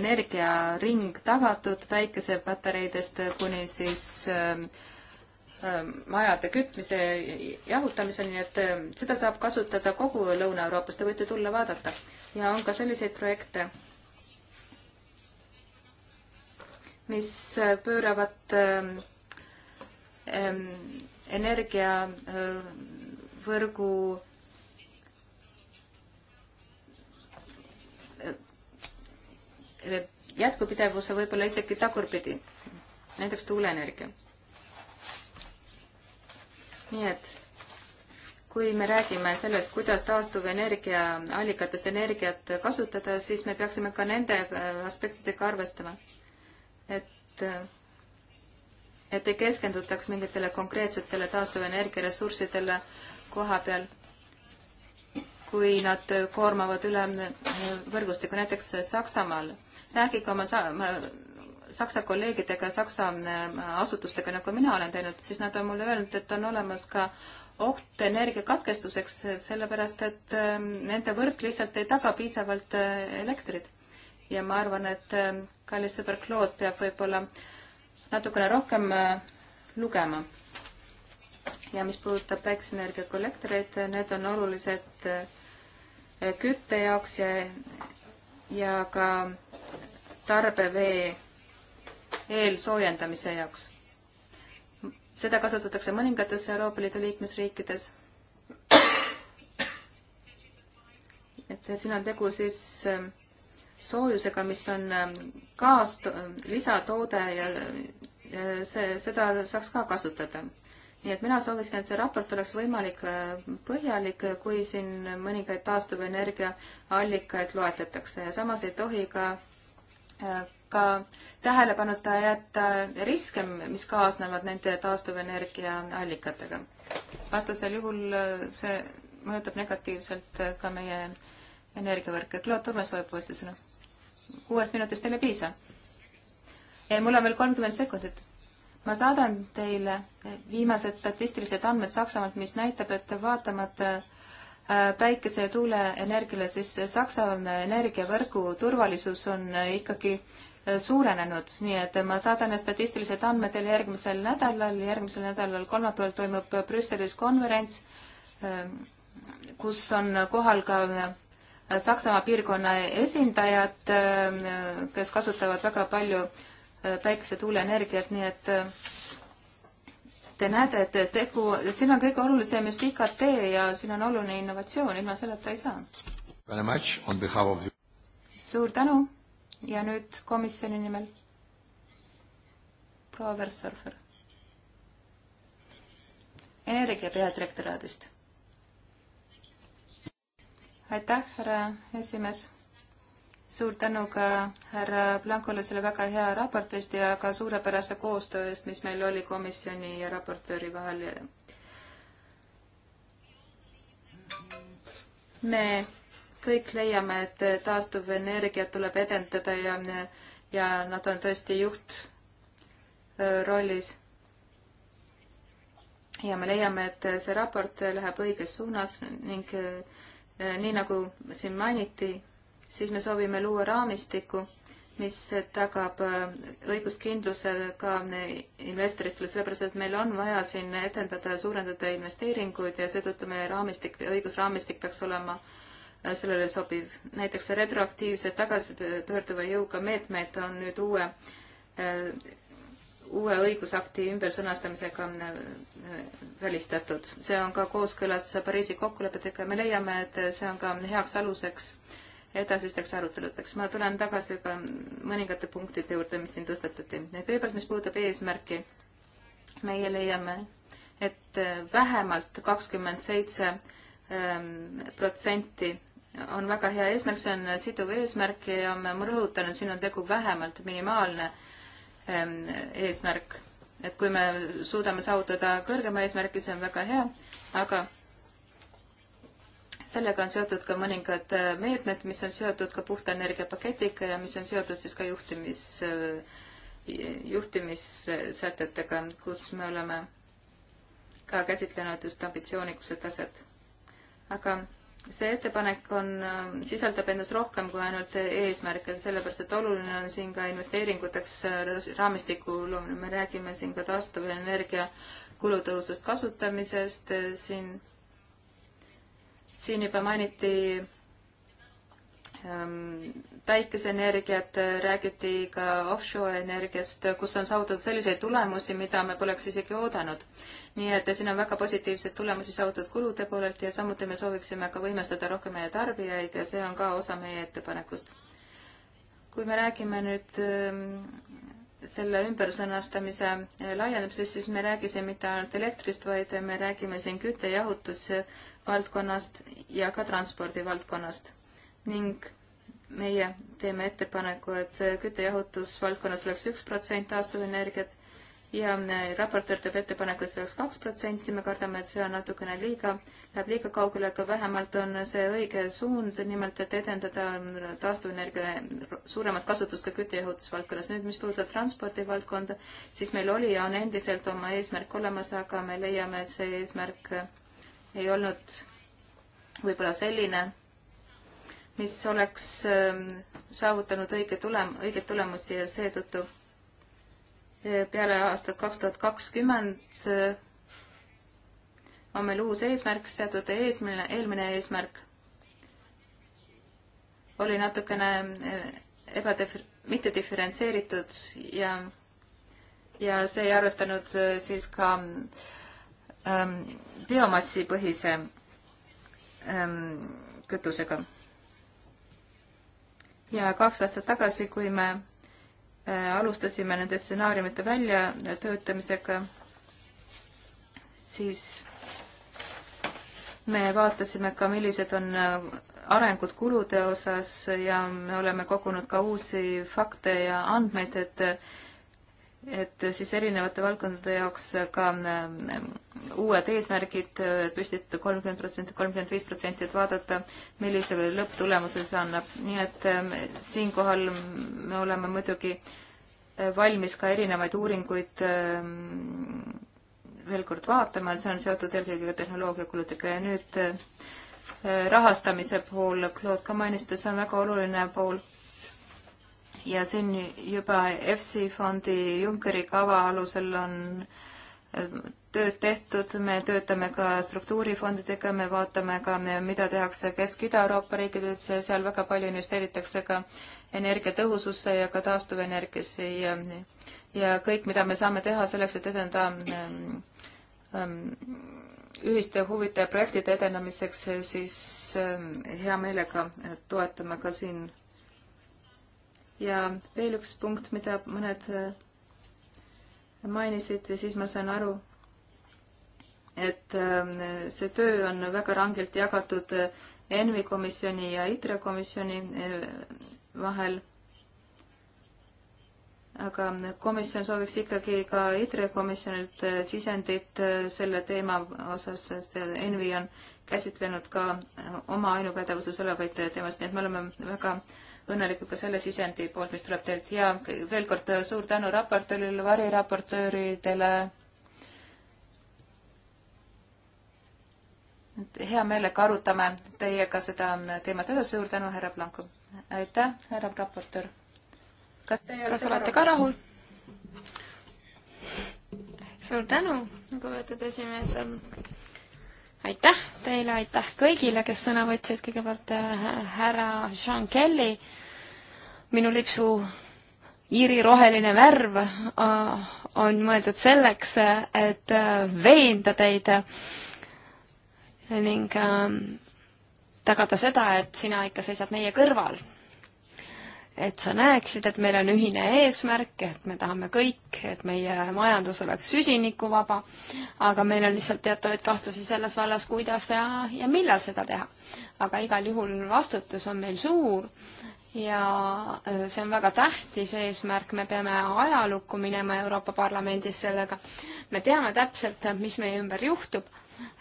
energiaring tagatud päikesepatareidest kuni siis eh, eh, majade kütmise jahutamiseni, et seda saab kasutada kogu Lõuna-Euroopas, te võite tulla vaadata. ja on ka selliseid projekte mis pööravad ähm, ähm, energiavõrgu äh, äh, jätkupidevuse võib-olla isegi tagurpidi, näiteks tuuleenergia. nii et kui me räägime sellest, kuidas taastuvenergiaallikatest energiat kasutada, siis me peaksime ka nende äh, aspektidega arvestama et, et ei keskendutaks mingitele konkreetsetele taastuvenergia ressurssidele koha peal, kui nad koormavad üle võrgustiku, näiteks Saksamaal. rääkige oma sa-, Saksa kolleegidega, Saksa äh, asutustega, nagu mina olen teinud, siis nad on mulle öelnud, et on olemas ka oht energiakatkestuseks, sellepärast et äh, nende võrk lihtsalt ei taga piisavalt äh, elektrit ja ma arvan, et äh, kallis sõber Claude peab võib-olla natukene rohkem äh, lugema. ja mis puudutab päikeseenergia kollektoreid, äh, need on olulised kütte jaoks ja, ja ka tarbevee eelsoojendamise jaoks. seda kasutatakse mõningates Euroopa Liidu liikmesriikides. et siin on tegu siis soojusega, mis on ähm, kaas, lisatoode ja see, seda saaks ka kasutada. nii et mina sooviksin, et see raport oleks võimalik äh, põhjalik, kui siin mõningaid taastuvenergia allikaid loetletakse ja samas ei tohi ka äh, ka tähelepanuta jätta riske, mis kaasnevad nende taastuvenergia allikatega. vastasel juhul äh, see mõjutab negatiivselt ka meie äh, energiavõrke. Claude Turvas soovib uuesti sõna. kuuest minutist teile piisa? ei, mul on veel kolmkümmend sekundit. ma saadan teile viimased statistilised andmed Saksamaalt, mis näitab, et vaatamata äh, päikese- ja tuuleenergiale, siis Saksamaa energiavõrgu turvalisus on ikkagi äh, suurenenud, nii et ma saadan statistilised andmed teile järgmisel nädalal, järgmisel nädalal kolmapäeval toimub Brüsselis konverents, äh, kus on kohal ka Saksamaa piirkonna esindajad, kes kasutavad väga palju äh, päikese-tuuleenergiat, nii et äh, te näete, et tegu, et siin on kõige olulisem just IKT ja siin on oluline innovatsioon, ilma selleta ei saa. suur tänu ja nüüd komisjoni nimel proua Verstorfer, energia peadirektoraadist aitäh, härra esimees. suur tänu ka härra Blankole selle väga hea raporti eest ja ka suurepärase koostöö eest, mis meil oli komisjoni ja raportööri vahel. me kõik leiame, et taastuvenergiat tuleb edendada ja, ja nad on tõesti juhtrollis äh, ja me leiame, et see raport läheb õiges suunas ning äh, Äh, nii nagu siin mainiti, siis me soovime luua raamistiku, mis tagab äh, õiguskindluse ka äh, investoritele, sellepärast et meil on vaja siin etendada ja suurendada investeeringuid ja seetõttu meie raamistik, õigusraamistik peaks olema sellele sobiv. näiteks retroaktiivse tagasipöörduva jõuga meetmed on nüüd uue uue õigusakti ümbersõnastamisega äh, välistatud. see on ka kooskõlas Pariisi kokkulepetega ja me leiame, et see on ka heaks aluseks edasisteks aruteludeks. ma tulen tagasi ka mõningate punktide juurde, mis siin tõstatati. kõigepealt, mis puudutab eesmärki, meie leiame, et äh, vähemalt kakskümmend seitse ähm, protsenti on väga hea eesmärk, see on siduv eesmärk ja ma rõhutan, et siin on tegu vähemalt minimaalne äh, Ähm, eesmärk. et kui me suudame saavutada kõrgema eesmärgi, see on väga hea, aga sellega on seotud ka mõningad äh, meetmed, mis on seotud ka puhta energia paketiga ja mis on seotud siis ka juhtimis, äh, juhtimissätetega, kus me oleme ka käsitlenud just ambitsioonikuse taset. aga see ettepanek on, sisaldab endas rohkem kui ainult eesmärke, sellepärast et oluline on siin ka investeeringuteks raamistiku loomine, me räägime siin ka taastuvenergia kulutõhusast kasutamisest, siin, siin juba mainiti Ehm, päikeseenergiat, äh, räägiti ka offshore energiast, kus on saavutatud selliseid tulemusi, mida me poleks isegi oodanud. nii et siin on väga positiivseid tulemusi saavutatud kulude poolelt ja samuti me sooviksime ka võimestada rohkem meie tarbijaid ja see on ka osa meie ettepanekust. kui me räägime nüüd ehm, selle ümbersõnastamise äh, laienemisest, siis me räägisime mitte ainult elektrist, vaid me räägime siin küttejahutuse valdkonnast ja ka transpordivaldkonnast ning meie teeme ettepaneku, et küttejahutusvaldkonnas oleks üks protsent taastuvenergiat ja äh, raportöör teeb ettepaneku, et see oleks kaks protsenti, me kardame, et see on natukene liiga, läheb liiga kaugele, aga vähemalt on see õige suund, nimelt et edendada taastuvenergia suuremat kasutust ka küttejahutusvaldkonnas. nüüd, mis puudutab transpordivaldkonda, siis meil oli ja on endiselt oma eesmärk olemas, aga me leiame, et see eesmärk ei olnud võib-olla selline mis oleks ähm, saavutanud õige tulem-, õigeid tulemusi ja seetõttu äh, peale aastat kaks tuhat kakskümmend äh, on meil uus eesmärk seatud, eesmine, eelmine eesmärk oli natukene äh, ebadif-, mitte diferentseeritud ja, ja see ei arvestanud siis ka ähm, biomassipõhise ähm, kütusega ja kaks aastat tagasi, kui me äh, alustasime nende stsenaariumite väljatöötamisega, siis me vaatasime ka, millised on äh, arengud kulude osas ja me oleme kogunud ka uusi fakte ja andmeid, et et siis erinevate valdkondade jaoks ka äh, uued eesmärgid, et püstitada kolmkümmend protsenti, kolmkümmend viis protsenti, et vaadata, millise lõpptulemuse see annab. nii et ähm, siinkohal me oleme muidugi äh, valmis ka erinevaid uuringuid ähm, veel kord vaatama, see on seotud eelkõige tehnoloogiakuludega ja nüüd äh, äh, rahastamise pool, Claude ka mainis, et see on väga oluline pool ja siin juba EFSI fondi Junckeri kava alusel on äh, tööd tehtud, me töötame ka struktuurifondidega, me vaatame ka, mida tehakse Kesk-Ida-Euroopa riikides, seal väga palju investeeritakse ka energiatõhususse ja ka taastuvenergiasse ja, ja kõik, mida me saame teha selleks, et edendada ähm, ähm, ühiste huvide ja projektide edenemiseks, siis ähm, hea meelega toetame ka siin. ja veel üks punkt, mida mõned äh, mainisite, siis ma saan aru, et ähm, see töö on väga rangelt jagatud äh, ENVI komisjoni ja ITRE komisjoni äh, vahel. aga äh, komisjon sooviks ikkagi ka ITRE komisjonilt sisendit selle teema osas, sest ENVI on käsitlenud ka oma ainupädevuses olevaid teemasid, nii et me oleme väga äh, õnnelikud ka selle sisendi poolt, mis tuleb teilt ja veel kord äh, suur tänu raportöörile, variraportööridele. hea meelega arutame teiega seda teemat edasi, suur tänu, härra Blanco. aitäh, härra raportöör. kas teie kas olete ka rahul? suur tänu, lugupeetud esimees aitäh teile, aitäh kõigile, kes sõna võtsid, kõigepealt äh, härra Sean Kelly, minu lipsu iiri roheline värv äh, on mõeldud selleks, et äh, veenda teid ning ähm, tagada seda, et sina ikka seisad meie kõrval et sa näeksid, et meil on ühine eesmärk, et me tahame kõik, et meie majandus oleks süsinikuvaba, aga meil on lihtsalt teatavaid kahtlusi selles vallas, kuidas ja, ja millal seda teha. aga igal juhul vastutus on meil suur ja äh, see on väga tähtis eesmärk, me peame ajalukku minema Euroopa Parlamendis sellega. me teame täpselt, mis meie ümber juhtub.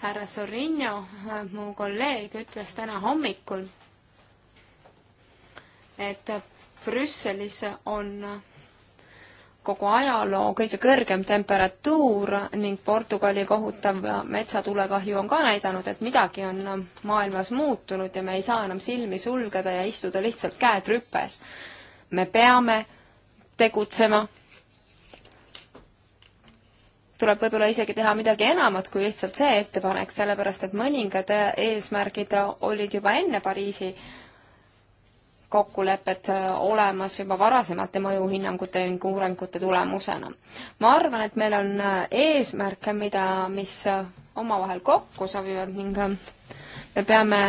härra Sorinio, äh, mu kolleeg, ütles täna hommikul, et Brüsselis on kogu ajaloo kõige kõrgem temperatuur ning Portugali kohutav metsatulekahju on ka näidanud, et midagi on maailmas muutunud ja me ei saa enam silmi sulgeda ja istuda lihtsalt käed rüpes. me peame tegutsema. tuleb võib-olla isegi teha midagi enamat kui lihtsalt see ettepanek, sellepärast et mõningad eesmärgid olid juba enne Pariisi kokkulepped äh, olemas juba varasemate mõjuhinnangute ning uuringute tulemusena. ma arvan, et meil on äh, eesmärke, mida, mis äh, omavahel kokku sobivad ning me peame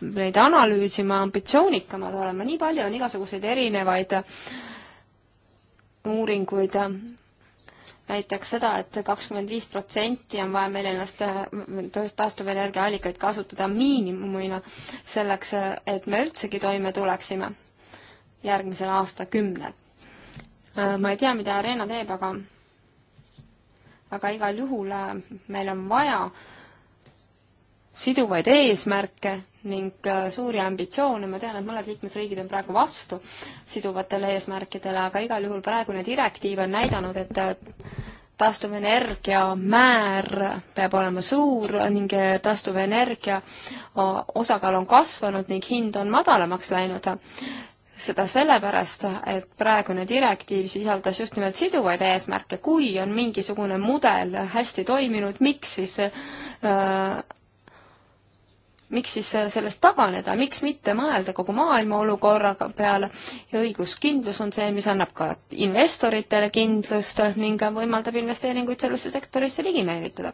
neid analüüsima, ambitsioonikamad olema, nii palju on igasuguseid erinevaid uuringuid näiteks seda et, et kakskümmend viis protsenti on vaja meil ennast äh, taastuvenergiaallikaid kasutada miinimumina selleks, et me üldsegi toime tuleksime järgmisel aastakümnel. Äh, ma ei tea, mida Arena teeb, aga aga igal juhul äh, meil on vaja siduvaid eesmärke ning äh, suuri ambitsioone, ma tean, et mõned liikmesriigid on praegu vastu siduvatele eesmärkidele, aga igal juhul praegune direktiiv on näidanud, et äh, taastuvenergia määr peab olema suur ning äh, taastuvenergia osakaal on kasvanud ning hind on madalamaks läinud. seda sellepärast, et praegune direktiiv sisaldas just nimelt siduvaid eesmärke, kui on mingisugune mudel hästi toiminud, miks siis äh, miks siis äh, sellest taganeda, miks mitte mõelda kogu maailma olukorra peale ja õiguskindlus on see, mis annab ka investoritele kindlust ning võimaldab investeeringuid sellesse sektorisse ligi meelitada.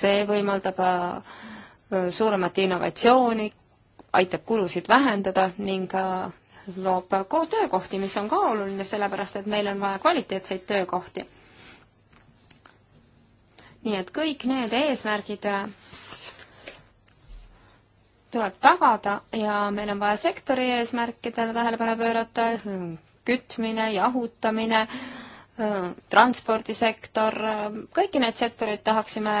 see võimaldab äh, äh, suuremat innovatsiooni, aitab kulusid vähendada ning loob ka töökohti, mis on ka oluline, sellepärast et meil on vaja kvaliteetseid töökohti. nii et kõik need eesmärgid tuleb tagada ja meil on vaja sektori eesmärkidele tähelepanu pöörata, kütmine, jahutamine, transpordisektor, kõiki neid sektoreid tahaksime,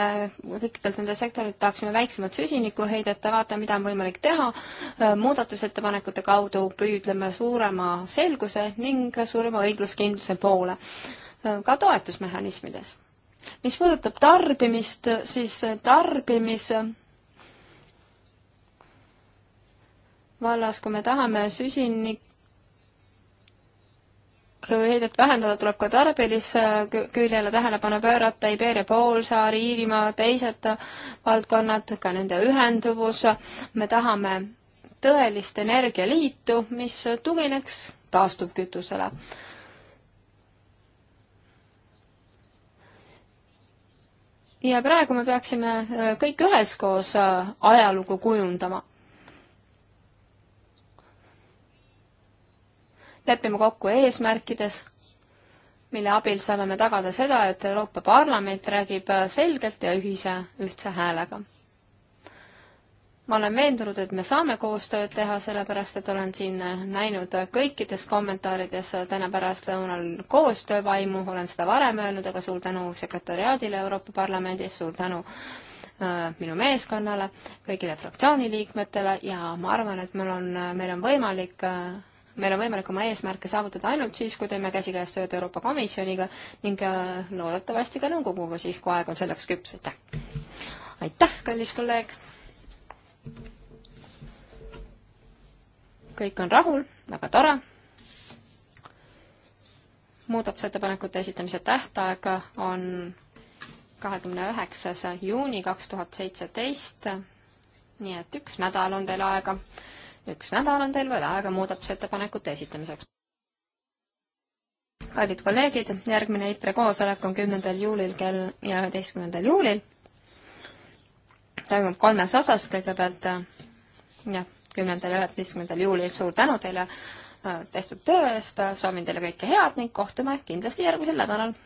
kõikidelt nendelt sektorilt tahaksime väiksemat süsinikuheidet ja vaatame, mida on võimalik teha. muudatusettepanekute kaudu püüdleme suurema selguse ning suurema õigluskindluse poole ka toetusmehhanismides. mis puudutab tarbimist, siis tarbimise vallas, kui me tahame süsinik heidet vähendada, tuleb ka tarbimisküljele tähelepanu pöörata, Iberia poolsaar, Iirimaa, teised valdkonnad, ka nende ühenduvus. me tahame tõelist energialiitu, mis tugineks taastuvkütusele. ja praegu me peaksime kõik üheskoos ajalugu kujundama leppima kokku eesmärkides, mille abil saame me tagada seda, et Euroopa Parlament räägib selgelt ja ühise, ühtse häälega. ma olen veendunud, et me saame koostööd teha, sellepärast et olen siin näinud kõikides kommentaarides täna pärastlõunal koostöövaimu, olen seda varem öelnud, aga suur tänu sekretäriaadile Euroopa Parlamendis, suur tänu äh, minu meeskonnale, kõigile fraktsiooni liikmetele ja ma arvan, et mul on, meil on võimalik äh, meil on võimalik oma eesmärke saavutada ainult siis, kui teeme käsikäes tööd Euroopa Komisjoniga ning äh, loodetavasti ka nõukoguga siis, kui aeg on selleks küps, aitäh! aitäh, kallis kolleeg! kõik on rahul, väga tore! muudatusettepanekute esitamise tähtaeg on kahekümne üheksas juuni kaks tuhat seitseteist, nii et üks nädal on teil aega üks nädal on teil veel aega muudatusettepanekute esitamiseks. kallid kolleegid, järgmine ITRE koosolek on kümnendal juulil kell ja üheteistkümnendal juulil. toimub kolmes osas, kõigepealt äh, jah, kümnendal ja üheteistkümnendal juulil, suur tänu teile äh, tehtud töö eest, soovin teile kõike head ning kohtume kindlasti järgmisel nädalal